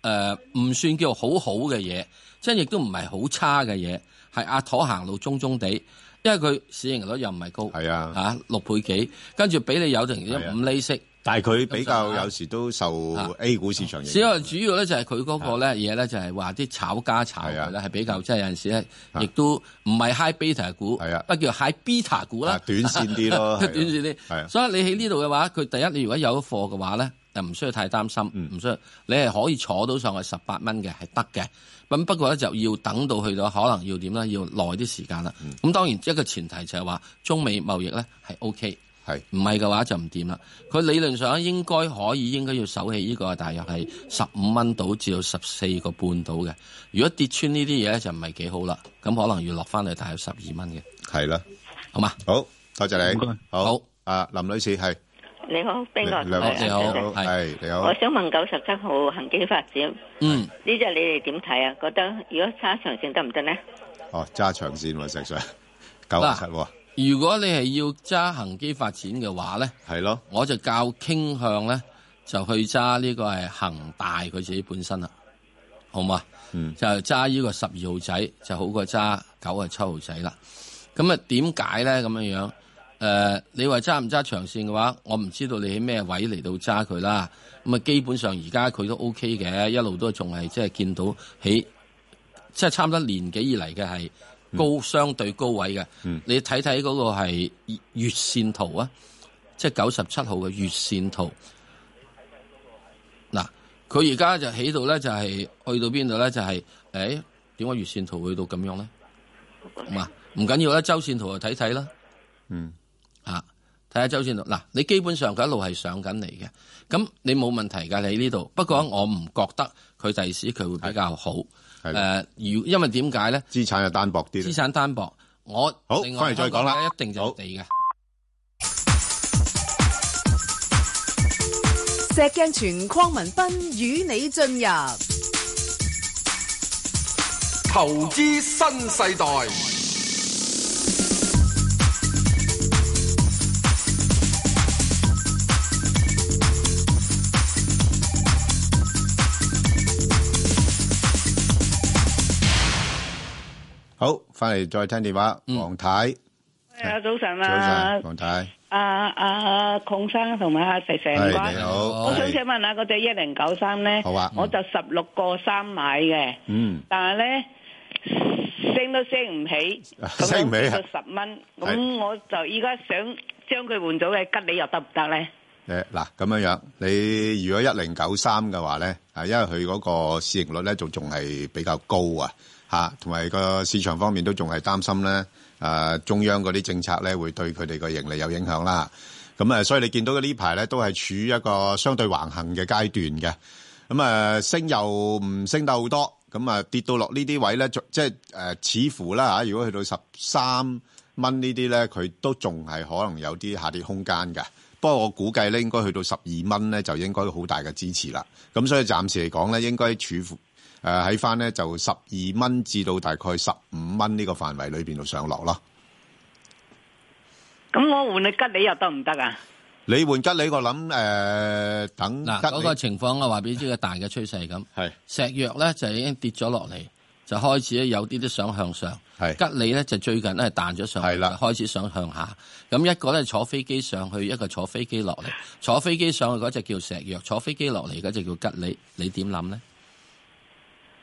誒唔算叫好好嘅嘢，即係亦都唔係好差嘅嘢，係阿妥行路中中地。因為佢市盈率又唔係高，係啊，吓、啊、六倍幾，跟住俾你有成五厘息，啊、但係佢比較有時都受 A 股市場影響。因為、啊啊啊啊、主要咧就係佢嗰個咧嘢咧就係話啲炒家炒嚟咧係比較即係、啊就是、有陣時咧亦都唔係 high beta 股，不、啊、叫 high beta 股啦、啊，短線啲咯、啊，短線啲、啊啊，所以你喺呢度嘅話，佢第一你如果有貨嘅話咧。就唔需要太擔心，唔需要，你係可以坐到上去十八蚊嘅係得嘅。咁不過咧就要等到去到可能要點咧，要耐啲時間啦。咁、嗯、當然一個前提就係話中美貿易咧係 OK，係唔係嘅話就唔掂啦。佢理論上應該可以應該要守起呢個大約係十五蚊到至到十四個半到嘅。如果跌穿呢啲嘢咧就唔係幾好啦。咁可能要落翻嚟大約十二蚊嘅。係啦，好嘛？好，多謝，多謝你，多謝，好。好，啊林女士係。你好，冰哥。你好，係你好。我想問九十七號恒基發展，嗯，呢隻你哋點睇啊？覺得如果揸長線得唔得咧？哦，揸長線喎，實上九十七喎。如果你係要揸恒基發展嘅話咧，係咯，我就較傾向咧就去揸呢個係恒大佢自己本身啦，好嘛？嗯，就揸呢個十二號仔就好過揸九啊七號仔啦。咁啊，點解咧咁樣樣？誒、呃，你話揸唔揸長線嘅話，我唔知道你喺咩位嚟到揸佢啦。咁啊，基本上而家佢都 OK 嘅，一路都仲係即係見到起，即、就、係、是、差唔多年紀以嚟嘅係高、嗯、相對高位嘅、嗯。你睇睇嗰個係月線圖啊，即係九十七號嘅月線圖。嗱，佢而家就起度咧，就係去到邊度咧，就係誒，點解月線圖到、就是、去到咁、就是哎、樣咧？唔、嗯、啊，唔緊要啦，周線圖就睇睇啦。嗯。啊！睇下周先到，嗱，你基本上佢一路係上緊嚟嘅，咁你冇問題噶你呢度。不過我唔覺得佢第時佢會比較好。誒，如、呃，因為點解咧？資產又單薄啲。資產單薄，我好翻嚟再講啦。一定就地嘅。石鏡泉鄺文斌、與你進入投資新世代。翻嚟再聽電話，黃太係啊，早晨啊，黃太，阿阿孔生同埋阿肥肥，你好。我想請問下嗰隻一零九三咧，我就十六個三買嘅，嗯，但係咧，升都升唔起，升唔起啊，十蚊。咁我就依家想將佢換咗嘅吉利又得唔得咧？誒，嗱，咁樣樣，你如果一零九三嘅話咧，啊，因為佢嗰個市盈率咧，仲仲係比較高啊。啊，同埋個市場方面都仲係擔心咧，啊中央嗰啲政策咧會對佢哋個盈利有影響啦。咁啊，所以你見到呢排咧都係處於一個相對橫行嘅階段嘅。咁啊，升又唔升得好多，咁啊跌到落呢啲位咧，即係誒似乎啦嚇。如果去到十三蚊呢啲咧，佢都仲係可能有啲下跌空間嘅。不過我估計咧，應該去到十二蚊咧，就應該好大嘅支持啦。咁所以暫時嚟講咧，應該處乎。誒，喺翻咧就十二蚊至到大概十五蚊呢個範圍裏邊度上落囉。咁我換你換吉利又得唔得啊？你換、呃、吉利我諗誒，等嗱嗰個情況啊，話俾你知個大嘅趨勢咁。係石藥咧就已經跌咗落嚟，就開始有啲啲想向上。係吉利咧就最近咧係彈咗上去，係啦開始想向下。咁一個咧坐飛機上去，一個坐飛機落嚟。坐飛機上去嗰隻叫石藥，坐飛機落嚟嗰隻叫吉利。你點諗咧？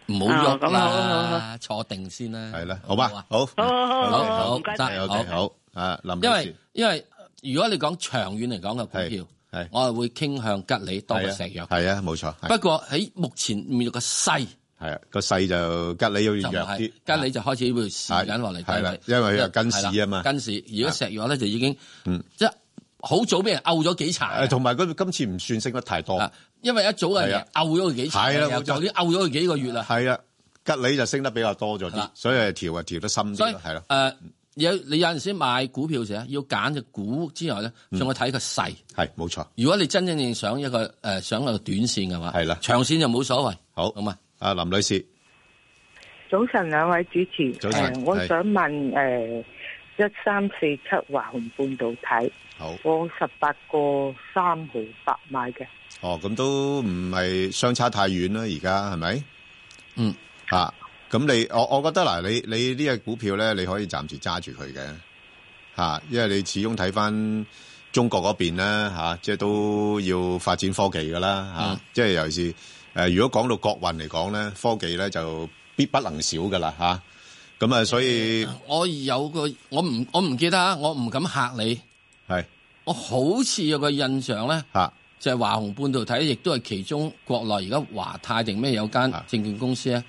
唔好喐啦，坐定先啦。係、啊、啦，好吧，好，好，好，好，好，好，好。啊，林，因為因為如果你講長遠嚟講嘅股票，係，我係會傾向吉利多過石藥。係啊，冇錯。不過喺目前面對個勢，係啊，個勢就吉利要弱啲。吉利就開始會蝕緊落嚟。睇啦，因為又近市啊嘛。近市，如果石藥咧就已經，嗯，即。好早俾人漚咗幾層，誒，同埋佢今次唔算升得太多，因為一早啊漚咗佢幾，係啦、啊，就啲漚咗佢幾個月啦，係啦、啊啊，吉利就升得比較多咗啲，啊，所以調啊調得深啲，係咯，誒、啊啊，有你有陣時買股票時啊，要揀隻股之外咧，仲要睇個勢，係冇錯。如果你真正想一個誒、呃、想一個短線嘅話，係啦、啊，長線就冇所謂。好咁啊，阿林女士，早晨兩位主持，早、呃、晨，我想問誒一三四七華虹半導體好，我十八個三毫八買嘅。哦，咁都唔係相差太遠啦，而家係咪？嗯，啊，咁你我我覺得嗱，你你呢隻股票咧，你可以暫時揸住佢嘅，吓、啊，因為你始終睇翻中國嗰邊啦，吓、啊，即係都要發展科技噶啦，吓、啊嗯，即係尤其是誒、呃，如果講到國運嚟講咧，科技咧就必不能少噶啦，吓、啊，咁啊，所以、嗯、我有個我唔我唔記得啊，我唔敢吓你。係，我好似有個印象咧，就係華虹半導體，亦都係其中國內而家華泰定咩有間證券公司咧，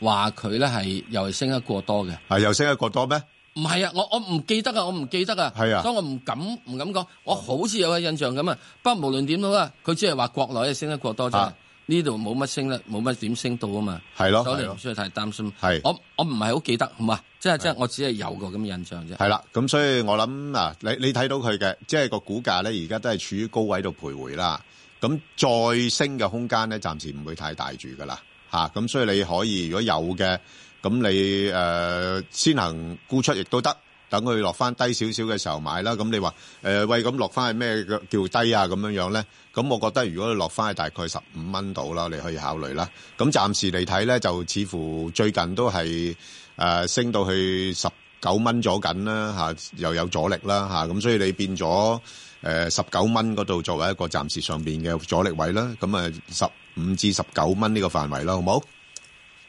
話佢咧係又係升得過多嘅。係又升得過多咩？唔係啊，我我唔記得啊，我唔記得啊，係啊，所以我唔敢唔敢講，我好似有個印象咁啊，不過無論點都啊，佢只係話國內升得過多啫，呢度冇乜升啦，冇乜點升到啊嘛，係咯，所以你唔需要太擔心，我我唔係好記得，好嘛？即係即係我只係有個咁印象啫。係啦，咁所以我諗啊，你你睇到佢嘅，即係個股價咧，而家都係處於高位度徘徊啦。咁再升嘅空間咧，暫時唔會太大住噶啦嚇。咁所以你可以如果有嘅，咁你誒、呃、先能沽出亦都得，等佢落翻低少少嘅時候買啦。咁你話誒、呃、喂，咁落翻係咩叫低啊？咁樣樣咧，咁我覺得如果你落翻係大概十五蚊到啦，你可以考慮啦。咁暫時嚟睇咧，就似乎最近都係。誒，升到去十九蚊左緊啦，吓又有阻力啦，吓咁所以你變咗誒十九蚊嗰度作為一個暫時上邊嘅阻力位啦，咁啊十五至十九蚊呢個範圍啦，好冇？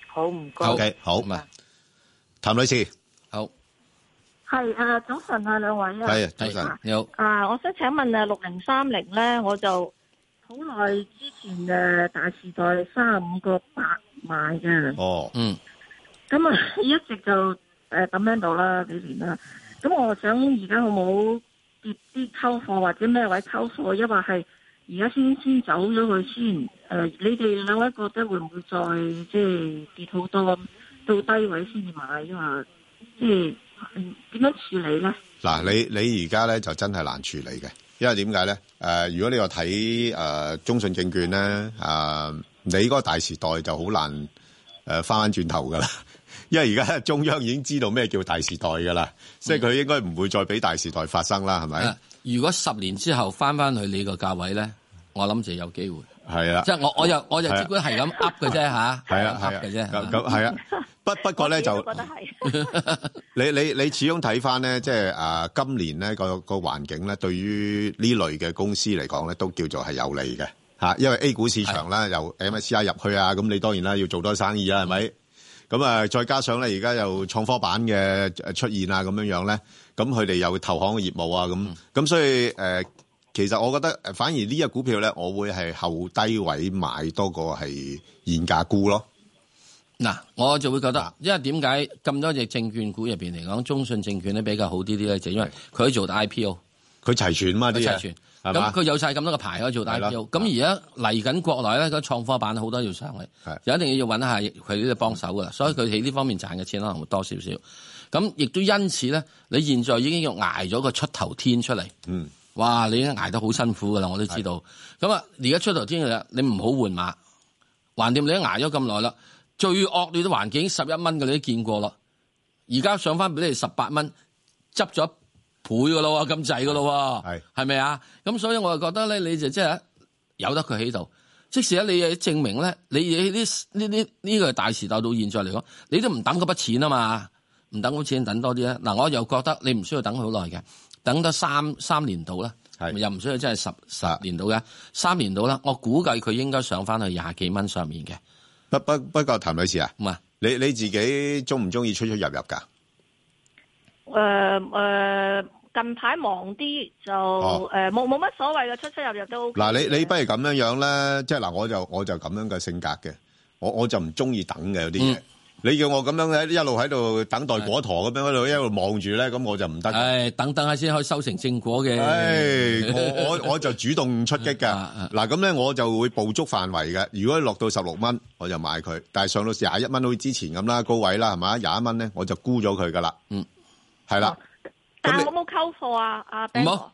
好唔該。O K，好，唔該。譚女士，好。係誒，早晨啊，兩位啊。係早晨，你好。啊，我想請問啊，六零三零咧，我就好耐之前嘅大時代三五個八買嘅。哦，嗯。咁啊，一直就誒咁樣到啦幾年啦。咁、嗯嗯嗯嗯嗯、我想而家好冇跌啲溝貨或者咩位溝貨，因為係而家先先走咗佢先。誒、呃，你哋兩位覺得會唔會再即係、呃、跌好多，到低位先至買即嗯，點樣、呃、處理咧？嗱，你你而家咧就真係難處理嘅，因為點解咧？誒、呃，如果你話睇誒中信證券咧，啊、呃，你嗰個大時代就好難誒翻翻轉頭噶啦。因為而家中央已經知道咩叫大時代噶啦，即係佢應該唔會再俾大時代發生啦，係咪、啊？如果十年之後翻翻去呢個價位咧，我諗就有機會。係啊，即係我我又、uh, 我又只管係咁噏嘅啫吓，係啊，噏嘅啫。咁係啊，不不過咧就，But, 覺得係。 你你你始終睇翻咧，即係啊，今年咧、這個個環境咧，對於呢類嘅公司嚟講咧，都叫做係有利嘅吓，因為 A 股市場啦由 MSCI 入去啊，咁你當然啦要做多生意啊係咪？咁啊，再加上咧，而家又創科板嘅出現啊，咁樣樣咧，咁佢哋又投行嘅業務啊，咁、嗯、咁所以誒，其實我覺得反而呢隻股票咧，我會係後低位買多過係現價沽咯。嗱，我就會覺得，因為點解咁多隻證券股入邊嚟講，中信證券咧比較好啲啲咧，就係、因為佢可以做到 IPO，佢齊全嘛啲啊。咁佢有晒咁多個牌可以做，但係又咁而家嚟緊國內咧，個創科板好多要上去，就一定要要揾下佢啲嘅幫手噶啦，所以佢喺呢方面賺嘅錢可能會多少少。咁亦都因此咧，你現在已經要捱咗個出頭天出嚟。嗯，哇！你已經捱得好辛苦噶啦，我都知道。咁啊，而家出頭天嚟，你唔好換馬，橫掂你都捱咗咁耐啦，最惡劣嘅環境十一蚊，你都見過喇，而家上翻俾你十八蚊，執咗，倍嘅咯喎，咁滯嘅咯喎，係，係咪啊？咁所以我就覺得咧，你就即係由得佢喺度，即使咧你嘅證明咧，你嘅呢啲呢個係大時代到現在嚟講，你都唔等嗰筆錢啊嘛，唔等嗰筆錢等多啲咧。嗱，我又覺得你唔需要等好耐嘅，等得三三年度啦，係，又唔需要真係十十年度嘅，三年度啦。我估計佢應該上翻去廿幾蚊上面嘅。不不不過，譚女士啊，唔啊，你你自己中唔中意出出入入噶？誒誒。近排忙啲就誒，冇冇乜所謂嘅，出出入入都嗱、OK 啊，你你不如咁樣樣咧，即係嗱，我就我就咁樣嘅性格嘅，我我就唔中意等嘅，有啲嘢，你叫我咁樣嘅一路喺度等待果陀咁樣喺度一路望住咧，咁我就唔得。誒、哎，等等下先可以收成正果嘅、哎。我我我就主動出擊嘅。嗱、 啊，咁、啊、咧、啊、我就會捕捉範圍嘅。如果你落到十六蚊，我就買佢，但係上到廿一蚊好似之前咁啦，高位啦，係咪？廿一蚊咧，我就沽咗佢噶啦。嗯，係啦。啊你啊！我冇溝貨啊，阿、啊、炳？唔、啊、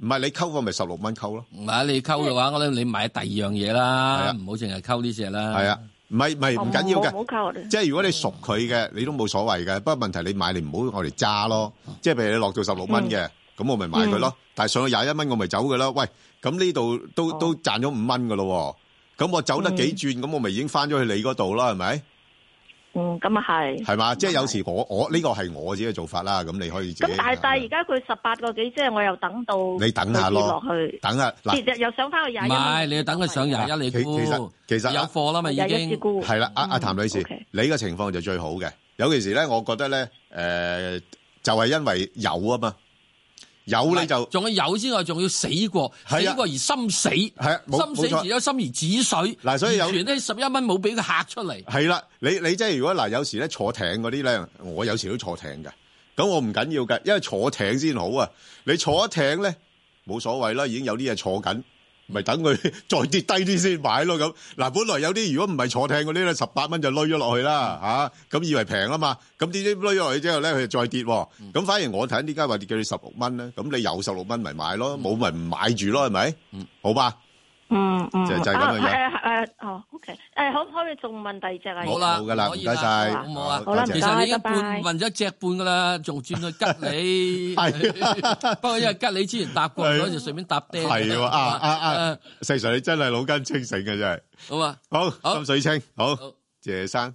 係、啊、你溝貨咪十六蚊溝咯。唔係你溝嘅話，我諗你買第二樣嘢啦，唔好淨係溝呢隻啦。係啊，唔係唔係唔緊要嘅，即係如果你熟佢嘅、嗯，你都冇所謂嘅。不過問題，你買你唔好我嚟揸咯。即係譬如你落到十六蚊嘅，咁、嗯、我咪買佢咯。嗯、但係上去廿一蚊我咪走嘅啦。喂，咁呢度都、哦、都賺咗五蚊嘅咯。咁我走得幾轉，咁、嗯、我咪已經翻咗去你嗰度咯，係咪？嗯，咁啊係，係嘛，即、就、係、是、有時我我呢個係我自己嘅做法啦，咁你可以咁，但但係而家佢十八個幾，即係我又等到你等下咯，跌落去，等下嗱，又上翻個廿一，唔係，你要等佢上廿一你其實其實有貨啦嘛，啊、已經係啦，阿阿譚女士，嗯 okay，你嘅情況就最好嘅，有件事咧，我覺得咧，誒、呃，就係、是、因為有啊嘛。有你就仲要有之外，仲要死過死過而心死，係心死而有心而止水。嗱，所以有全呢十一蚊冇俾佢吓出嚟。係啦，你你即係如果嗱，有時咧坐艇嗰啲咧，我有時都坐艇嘅。咁我唔緊要噶，因為坐艇先好啊。你坐一艇咧冇所謂啦，已經有啲嘢坐緊。咪等佢再跌低啲先買咯，咁嗱，本來有啲如果唔係坐艇嗰啲咧，十八蚊就攞咗落去啦嚇，咁、嗯啊、以為平啊嘛，咁點知攞咗落去之後咧，佢就再跌，咁、嗯、反而我睇點解話跌叫你十六蚊咧？咁你有十六蚊咪買咯，冇咪唔買住咯，係、嗯、咪？嗯，好吧。嗯嗯，就係就咁樣樣。誒誒，哦，OK，誒，可唔可以仲問第二隻啊？好啦，好噶啦，唔該晒，好唔好啊？其實你已經半問咗隻半噶啦，仲轉去吉你。係，不過因為吉你之前答過咗，就順便答爹。係喎，阿阿阿世常，你真係腦筋清醒嘅真係。好啊，好，心水清，好，謝生。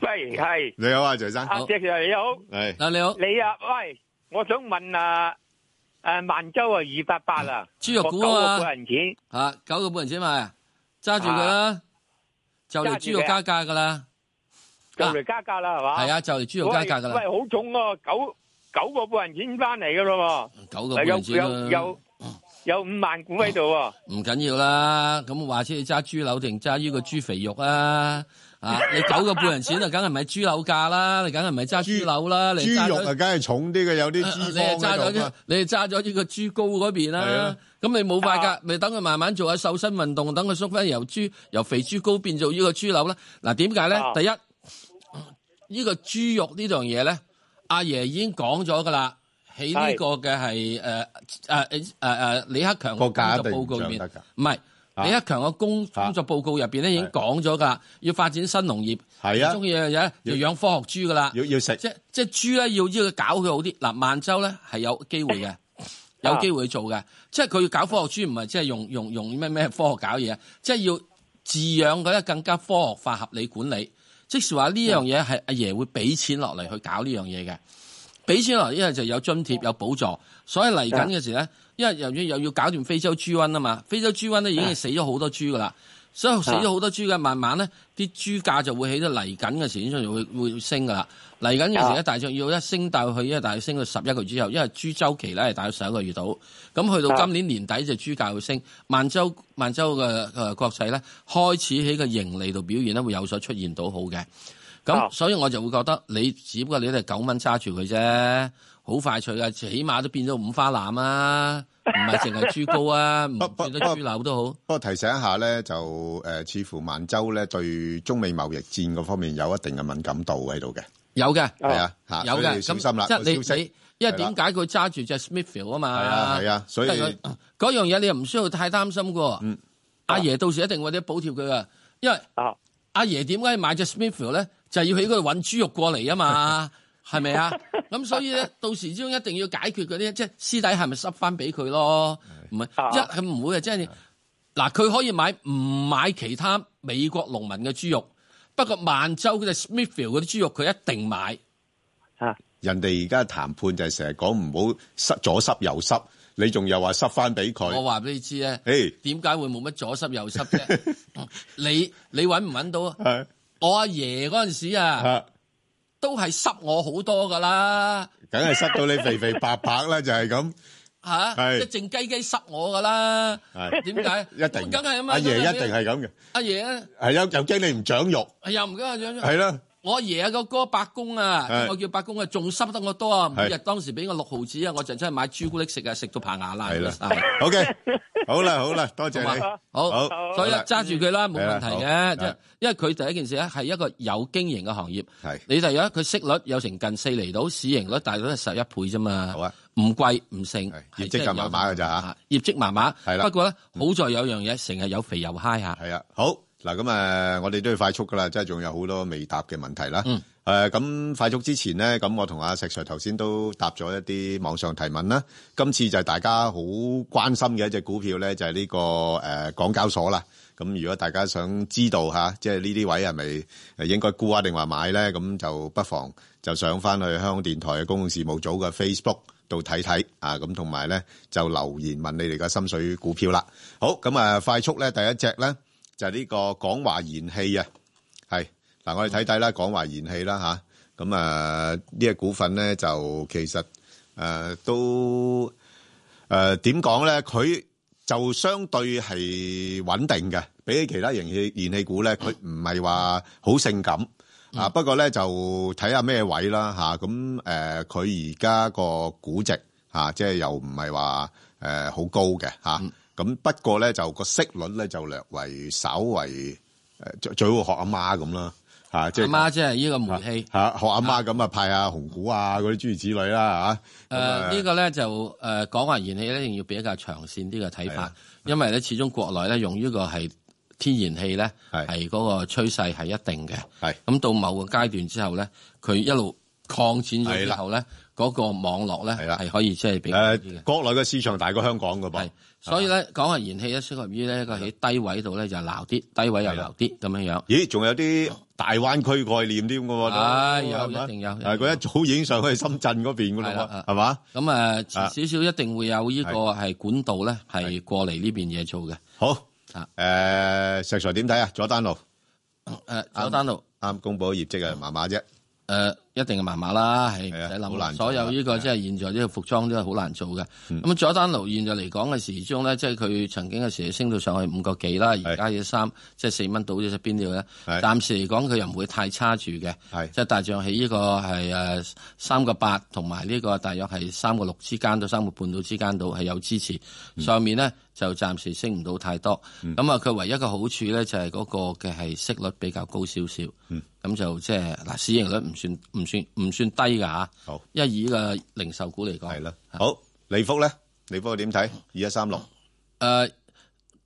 喂，係你好啊，謝生。阿謝生你好，係，你好。你啊，喂，我想問啊。誒、啊，萬洲啊，二八八啊，豬肉股啊，啊，九個半銀錢吓、啊啊啊啊啊、九,九個半銀錢咪揸住佢啦，就嚟豬肉加價噶啦，就嚟加價啦係嘛？係啊，就嚟豬肉加價噶啦。喂，好重喎，九九個半銀錢翻嚟噶咯，九個半銀子有有有，有五萬股喺度喎。唔、啊、緊要啦，咁話你揸豬柳定揸呢個豬肥肉啊？啊！ 你九個半人錢啊，梗係唔係豬樓價啦，你梗係唔係揸豬柳啦，你揸豬肉啊，梗係重啲嘅，有啲脂肪喺度啊！你係揸咗呢個豬膏嗰邊啦，咁你冇法噶，你等佢慢慢做下瘦身運動，等佢縮翻由豬由肥豬膏變做、啊、呢個豬柳啦。嗱，點解咧？第一，呢、這個豬肉呢樣嘢咧，阿爺已經講咗噶啦，喺呢個嘅係誒誒誒誒李克強嘅工作報告裏面，唔、啊、係。啊、李克強嘅工工作報告入邊咧已經講咗噶，要發展新農業，最、啊、中意嘅嘢，養科學豬噶啦，要要食，即即豬咧要要搞佢好啲。嗱，萬州咧係有機會嘅，有機會去做嘅，即係佢要搞科學豬，唔係即係用用用咩咩科學搞嘢，即係要自養嗰啲更加科學化、合理管理。即時話呢樣嘢係阿爺會俾錢落嚟去搞呢樣嘢嘅，俾錢落嚟，因為就有津貼、有補助，所以嚟緊嘅時咧。因為由於又要搞掂非洲豬瘟啊嘛，非洲豬瘟咧已經係死咗好多豬噶啦，yeah. 所以死咗好多豬嘅，慢慢咧啲豬價就會起得嚟緊嘅時，所以會會升噶啦。嚟緊嘅時咧，大將要一，將要一，將要一將升到去，因為大約升到十一個月之後，因為豬周期咧係大約十一個月到。咁去到今年年底就豬價會升。萬、yeah. 洲萬洲嘅、呃、國際咧開始喺個盈利度表現咧會有所出現到好嘅，咁、yeah. 所以我就會覺得你只不過你哋九蚊揸住佢啫。好快脆啊，起碼都變咗五花腩啊，唔係淨係豬膏啊，唔變得豬柳都好。不過提醒一下咧，就、呃、似乎萬洲咧對中美貿易戰嗰方面有一定嘅敏感度喺度嘅。有嘅，係啊，有嘅，小心啦，心、啊。即係你你,你，因為點解佢揸住隻 Smithfield 啊嘛？係啊係啊，所以嗰樣嘢你又唔需要太擔心㗎嗯，阿、啊、爺、啊、到時一定會啲補貼佢㗎，因為阿爺點解買隻 Smithfield 咧，就係要喺嗰度揾豬肉過嚟啊嘛。啊係咪啊？咁、 嗯、所以咧，到時之中一定要解決嗰啲、就是啊，即係私底係咪濕翻俾佢咯？唔係一係唔會嘅，即係嗱，佢可以買唔買其他美國農民嘅豬肉？不過萬州嗰隻 Smithfield 嗰啲豬肉，佢一定買、啊、人哋而家談判就係成日講唔好濕左濕右濕，你仲又話濕翻俾佢？我話俾你知啊，誒點解會冇乜左濕右濕啫？ 你你揾唔揾到啊？我阿爺嗰陣時啊。都係濕我好多噶啦，梗係濕到你肥肥白白啦，就係咁嚇，係，即係靜雞雞濕我噶啦，點解？一定，梗係啊嘛，阿爺一定係咁嘅，阿爺呢，係啊，又驚你唔長肉，係，又唔嘅長肉，係啦。我爺爺個哥伯公啊，我叫伯公啊，仲濕得我多啊！每日當時俾我六毫子就是啊，我成日出去買朱古力食啊，食到排牙啦。係啦，好嘅，好啦，好啦，多謝你，好，好，好，好，所以揸住佢啦，冇問題嘅，即係因為佢第一件事咧係一個有經營嘅行業，係你睇啊，佢息率有成近四厘到，市盈率大概都係十一倍啫嘛，好啊，唔貴唔勝，業績就麻麻嘅咋吓？業績麻麻，係、啊、啦、啊啊啊，不過咧、嗯、好在有樣嘢，成日有肥又嗨吓，係啊，好。嗱，咁誒，我哋都要快速噶啦，即係仲有好多未答嘅問題啦。誒，咁快速之前咧，咁我同阿石 Sir 頭先都答咗一啲網上提問啦。今次就係大家好關心嘅一隻股票咧，就係呢個誒港交所啦。咁如果大家想知道吓，即係呢啲位係咪應該沽啊，定話買咧？咁就不妨就上返去香港電台嘅公共事務組嘅 Facebook 度睇睇啊。咁同埋咧就留言問你哋嘅心水股票啦。好，咁啊，快速咧第一隻咧。就呢、係、個港華燃氣啊，係、啊、嗱，我哋睇睇啦，港華燃氣啦吓，咁啊呢個股份咧就其實誒、啊、都誒點講咧，佢、啊、就相對係穩定嘅，比起其他燃氣燃氣股咧，佢唔係話好性感啊、嗯，不過咧就睇下咩位啦吓，咁誒佢而家個估值啊，即係又唔係話誒好高嘅吓。啊咁不過咧就個息率咧就略為稍為誒最最好學阿媽咁啦吓，即係阿媽即係呢個煤氣吓學阿媽咁啊派啊紅股啊嗰啲諸如此類啦吓。誒呢個咧就誒講話燃氣咧，呃、一定要比較長線啲嘅睇法，因為咧始終國內咧用呢個係天然氣咧係嗰個趨勢係一定嘅係。咁到某個階段之後咧，佢一路擴展咗之後咧，嗰個網絡咧係啦係可以即係誒國內嘅市場大過香港嘅噃。所以咧，講下燃氣咧，適合於咧佢喺低位度咧就撈啲，低位又撈啲咁樣樣。咦，仲有啲大灣區概念啲咁嘅喎？係、啊、有，一定有。係佢一,一早已經上去深圳嗰邊噶啦，係嘛？咁啊，少少、呃、一定會有呢個係管道咧，係過嚟呢邊嘢做嘅。好啊，誒、呃，石材點睇啊？佐丹奴，誒、呃，佐丹奴啱公布業績啊，麻麻啫。誒、呃、一定係麻麻啦，係唔使諗所有呢、呢個即係現在呢個服裝都係好難做嘅。咁佐丹奴現在嚟講嘅時鐘咧，即係佢曾經嘅時升到上去五個幾啦。而家要三，即係四蚊到，好似邊度咧？暫時嚟講佢又唔會太差住嘅，即係大象喺呢個係三個八同埋呢個大約係三個六之間到三個半度之間度係有支持。上面咧。就暫時升唔到太多，咁啊佢唯一嘅好處咧就係嗰個嘅係息率比較高少少，咁就即係嗱市盈率唔算唔算唔算，算低㗎嚇，好，一以個零售股嚟講，係啦，好，利福咧，利福點睇？二一三六，誒、呃，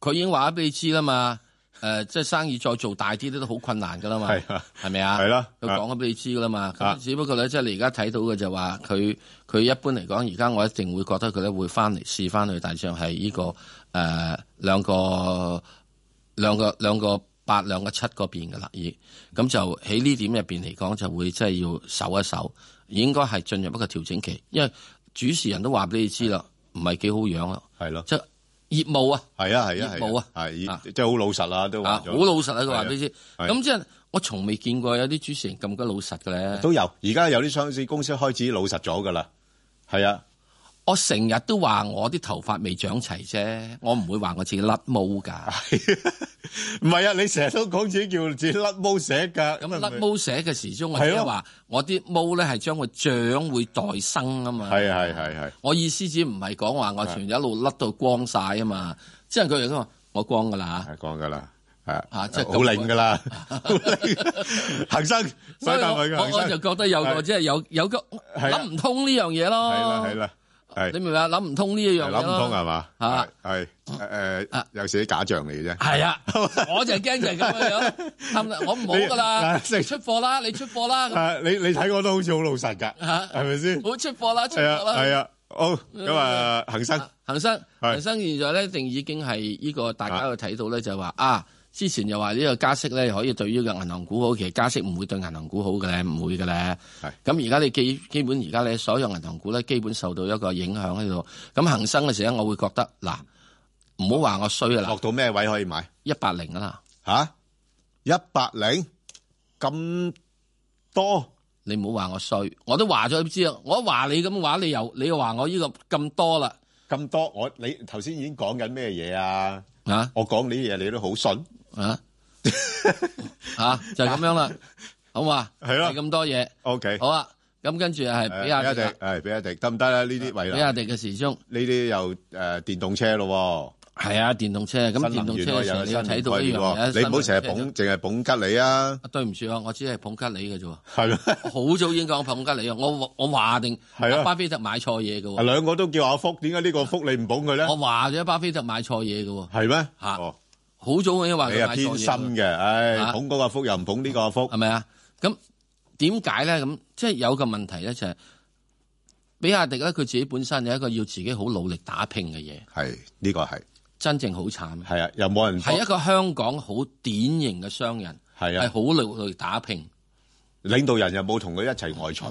佢已經話咗俾你知啦嘛，誒、呃，即係生意再做大啲都好困難㗎啦嘛，係係咪啊？係啦，佢講咗俾你知㗎啦嘛、啊，只不過咧即係你而家睇到嘅就話佢佢一般嚟講，而家我一定會覺得佢咧會翻嚟試翻去，但係上係呢個。誒、呃，兩個兩個兩個八，兩個，兩個，兩個，兩個，兩個七嗰邊嘅啦已，咁就喺呢點入邊嚟講，就會即係、就是、要守一守，應該係進入一個調整期，因為主持人都話俾你知啦，唔係幾好樣咯，係咯，即係業務啊，係啊係啊，業務啊，係即係好老實啦都，好老實啊佢話俾你知，咁即係我從未見過有啲主持人咁鬼老實嘅咧，都有，而家有啲上市公司開始老實咗噶啦，係啊。我成日都話我啲頭髮未長齊啫，我唔會話我自己甩毛噶。唔 係啊，你成日都講自己叫自己甩毛寫噶。咁啊，甩毛寫嘅時中，我即係話我啲毛咧係將個長會再生啊嘛。係啊，係係我意思只唔係講話我全一路甩到光晒啊嘛。即係佢哋都話我光噶啦。光噶啦，係啊，即係好靈噶啦。靈 恒生，所以我所以我，我就覺得有個即係有有個諗唔通呢樣嘢咯。係啦係啦。係，你明唔明啊？諗唔通呢一樣嘢，諗唔通係嘛？吓、呃，係誒，又寫啲假象嚟嘅啫。係啊，我就係驚就係咁樣樣，我唔好噶啦，成日出貨啦，你出貨啦。你、啊、你睇我都好似好老實噶，係咪先？好出貨啦，出貨啦係啊，好咁啊，恒生、啊、生，恒生，恒生，現在咧一定已經係呢、這個大家去睇到咧、啊，就話、是、啊。之前又話呢個加息咧可以對於個銀行股好，其實加息唔會對銀行股好嘅咧，唔會嘅咧。咁而家你基基本而家你所有銀行股咧基本受到一個影響喺度。咁恆生嘅時候，我會覺得嗱，唔好話我衰啊！落到咩位可以買？一百零啊啦嚇，一百零咁多，你唔好話我衰，我都話咗你知啦。我話你咁話，你又你又話我呢個咁多啦，咁多我你頭先已經講緊咩嘢啊？啊，我講呢啲嘢你都好信？吓、啊、吓、 啊、就係、是、咁樣啦、啊，好嘛？係咯、啊，咁多嘢。O、okay、K，好啊。咁跟住係比亞迪、uh，比亞迪，得唔得啊？呢啲維力，比亞迪嘅時鐘。呢啲又誒、呃、電動車咯，係啊，電動車。咁電動車有時你睇到一樣嘢你唔好成日捧，淨係捧吉利啊！啊對唔住啊，我只係捧吉利嘅啫。係咯。好早已經講捧吉利啊！ 我我話定，係、啊、巴菲特買錯嘢嘅。啊，兩個都叫阿福，點解呢個福你唔捧佢咧？我話咗巴菲特買錯嘢嘅。係咩？吓、啊。哦。好早已經話佢買錯嘢，你係偏心嘅，唉、哎，捧嗰個福又唔捧呢個福，係咪啊？咁點解咧？咁即係有個問題咧、就係，就係比亞迪咧，佢自己本身有一個要自己好努力打拼嘅嘢，係呢、呢個係真正好慘，係啊，又冇人係一個香港好典型嘅商人，係啊，係好努力打拼，領導人又冇同佢一齊外巡，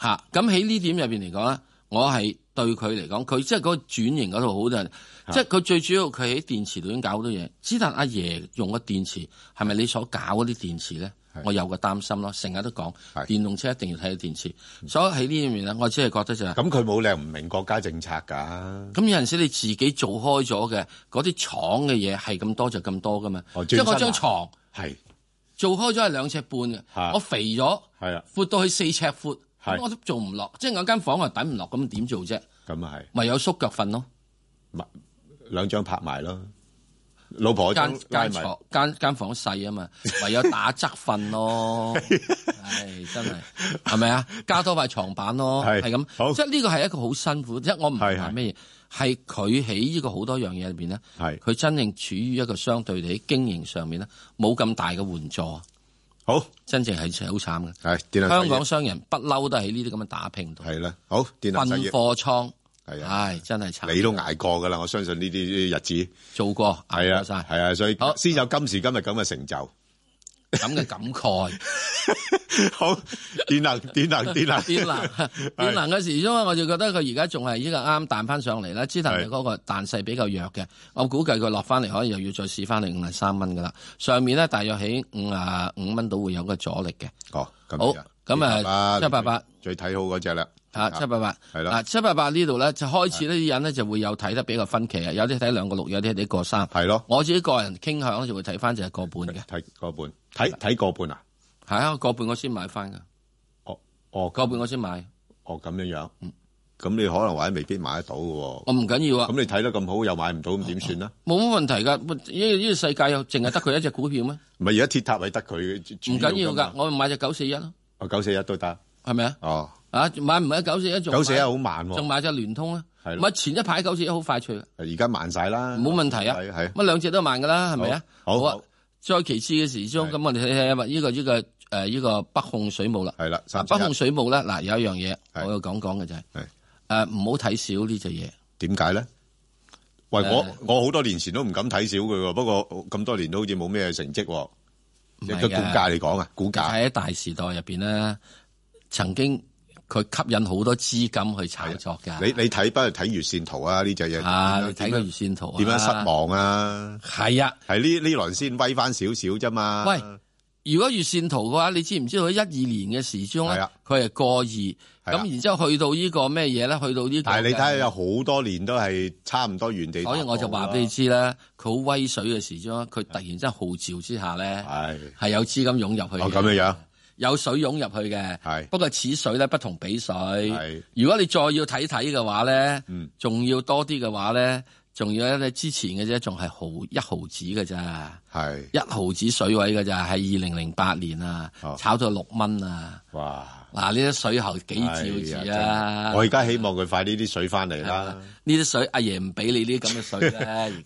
吓、啊，咁喺呢點入邊嚟講咧，我係。對佢嚟講，佢即係嗰個轉型嗰度好多人，即係佢最主要佢喺電池度已經搞好多嘢。只但阿爺用嘅電池係咪你所搞嗰啲電池咧？我有個擔心咯，成日都講電動車一定要睇下電池。嗯、所以喺呢一面咧，我只係覺得就係、是、咁，佢冇理由唔明國家政策㗎、啊。咁有陣時你自己做開咗嘅嗰啲廠嘅嘢係咁多就咁多㗎嘛，哦、即係嗰張床，係、啊、做開咗係兩尺半嘅，我肥咗，闊到去四尺闊。我都做唔落，即、就、係、是、我間房又抵唔落，咁點做啫？咁啊係，咪有縮腳瞓咯？咪兩張拍埋咯，老婆間間床間間房細啊嘛， 唯有打側瞓咯。唉、 哎，真係，係咪啊？加多塊床板咯，係 咁。好，即係呢個係一個好辛苦。即係我唔談咩嘢，係佢喺呢個好多樣嘢入邊咧，係佢真正處於一個相對地喺經營上面咧，冇咁大嘅援助。好，真正係好慘嘅。係、哎，香港商人不嬲都喺呢啲咁嘅打拼度。係啦，好，電行生貨倉，係啊，唉、哎，真係慘。你都捱過噶啦，我相信呢啲日子。做過，係啊，晒，係啊，所以好先有今時今日咁嘅成就。咁嘅感慨， 好，電能， 電能，電能， 電能，電能，電能嘅時為我就覺得佢而家仲係呢個啱彈翻上嚟啦。之但係嗰個彈勢比較弱嘅，我估計佢落翻嚟可能又要再試翻嚟五十三蚊噶啦。上面咧大約起五啊五蚊到會有個阻力嘅。哦，啊、好，咁啊、就是，七八八，七八八最睇好嗰隻啦。啊，七百八係咯。啊，七百八呢度咧就開始呢啲人咧就會有睇得比較分歧啊。有啲睇兩個六，有啲睇一個三係咯。我自己個人傾向就會睇翻就係個半嘅，睇個半睇睇個半啊，係啊個半我先買翻噶。哦哦個半我先買我我哦咁樣樣嗯，咁你可能或者未必買得到噶。我唔緊要啊。咁你睇得咁好又買唔到咁點算啊？冇乜、哎哎、問題噶，因、這、呢個世界又淨係得佢一隻股票咩？唔係而家鐵塔係得佢，唔緊要噶，我買隻九四一咯。哦，九四一都得係咪啊？哦。啊！買唔係一九四一，仲、啊、買仲買隻聯通啊。係咪前一排九四一好快脆啊？而家慢晒啦，冇問題啊。係係乜兩隻都慢噶啦，係咪啊？好啊！好好再其次嘅時中，咁我哋睇一呢個呢、這個誒呢、呃這個北控水務啦。係啦，北控水務咧嗱有一樣嘢我要講講嘅就係誒唔好睇少呢隻嘢。點解咧？喂，我我好多年前都唔敢睇少佢，不過咁多年都好似冇咩成績。唔係嘅，股價嚟講啊，股價喺大時代入邊咧，曾經。佢吸引好多資金去炒作㗎。你你睇不如睇月線圖啊，呢隻嘢。啊，睇個月線圖點樣失望啊！係啊，係呢呢輪先威翻少少啫嘛。喂，如果月線圖嘅話，你知唔知佢一二年嘅時鐘啊，佢係過二，咁然之後去到個呢個咩嘢咧？去到呢度係你睇下，有好多年都係差唔多原地。所以我就話俾你知啦，佢好威水嘅時鐘，佢突然之間號召之下咧，係係有資金湧入去。哦，咁嘅樣。有水湧入去嘅，係，不過此水咧，不同彼水，係。如果你再要睇睇嘅話咧，嗯，仲要多啲嘅話咧。仲要咧，之前嘅啫，仲係毫一毫子嘅咋，係一毫子水位嘅咋，係二零零八年啊，哦、炒咗六蚊啊，哇！嗱、啊，呢啲水喉幾兆字啊！哎、我而家希望佢快呢啲水翻嚟啦！呢啲水，阿爺唔俾你呢啲咁嘅水啦、啊！而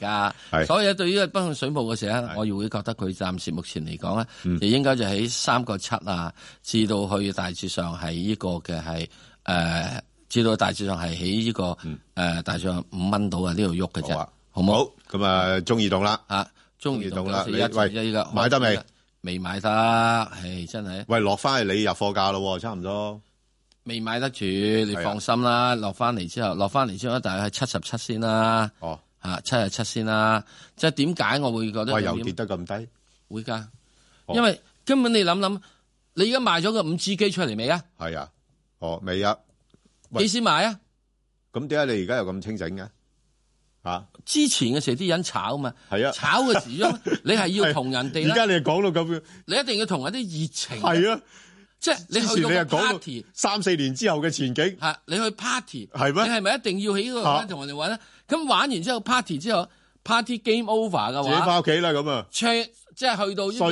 家，所以對於北水冇嘅時候，我又會覺得佢暫時目前嚟講咧，亦、嗯、應該就喺三個七啊，至到去大致上係呢個嘅係誒。知道大致上係喺呢個誒，大致五蚊到啊，呢度喐嘅啫，好唔好？咁啊，中移動啦吓，中移動啦，你一喂，依家買得未？未買得，唉、哎，真係。喂，落翻去你入貨價咯，差唔多。未買得住，你放心啦、啊。落翻嚟之後，落翻嚟之後大概七十七先啦。哦，吓七十七先啦。即係點解我會覺得？哇，又跌得咁低，會噶、哦，因為根本你諗諗，你而家賣咗個五 G 機出嚟未啊？係啊，哦，未啊。幾時買啊？咁點解你而家又咁清醒嘅、啊？吓、啊！之前嘅時啲人炒嘛，係啊炒！炒嘅時候，你係要同人哋。而家你係講到咁樣，你一定要同一啲熱情。係啊，即係你去 party 講三四年之後嘅前景。吓、啊，你去 party 係咩？你係咪一定要喺嗰度同人哋玩咧？咁、啊、玩完之後 party 之後 party game over 嘅話，自己翻屋企啦咁啊！check。即係去到呢、這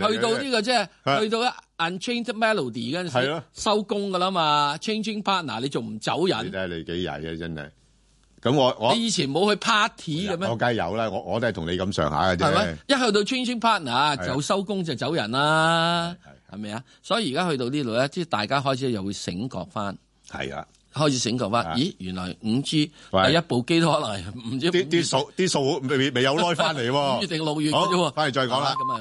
個，去到呢個即、就、係、是啊、去到 Unchained Melody 嗰陣時候，收工噶啦嘛，changing partner 你仲唔走人？你真係你幾曳啊，真係。咁我我你以前冇去 party 嘅咩、啊？我梗係有啦，我我都係同你咁上下嘅啫。係咪、啊？一去到 changing partner 就收工就走人啦，係咪啊，啊，啊？所以而家去到呢度咧，即係大家開始又會醒覺翻。係啊。開始醒覺，話咦，原來五 G 第一部機都可能係唔知啲數，啲數未未有耐翻嚟喎，唔知定六月喎，翻嚟再講啦咁啊！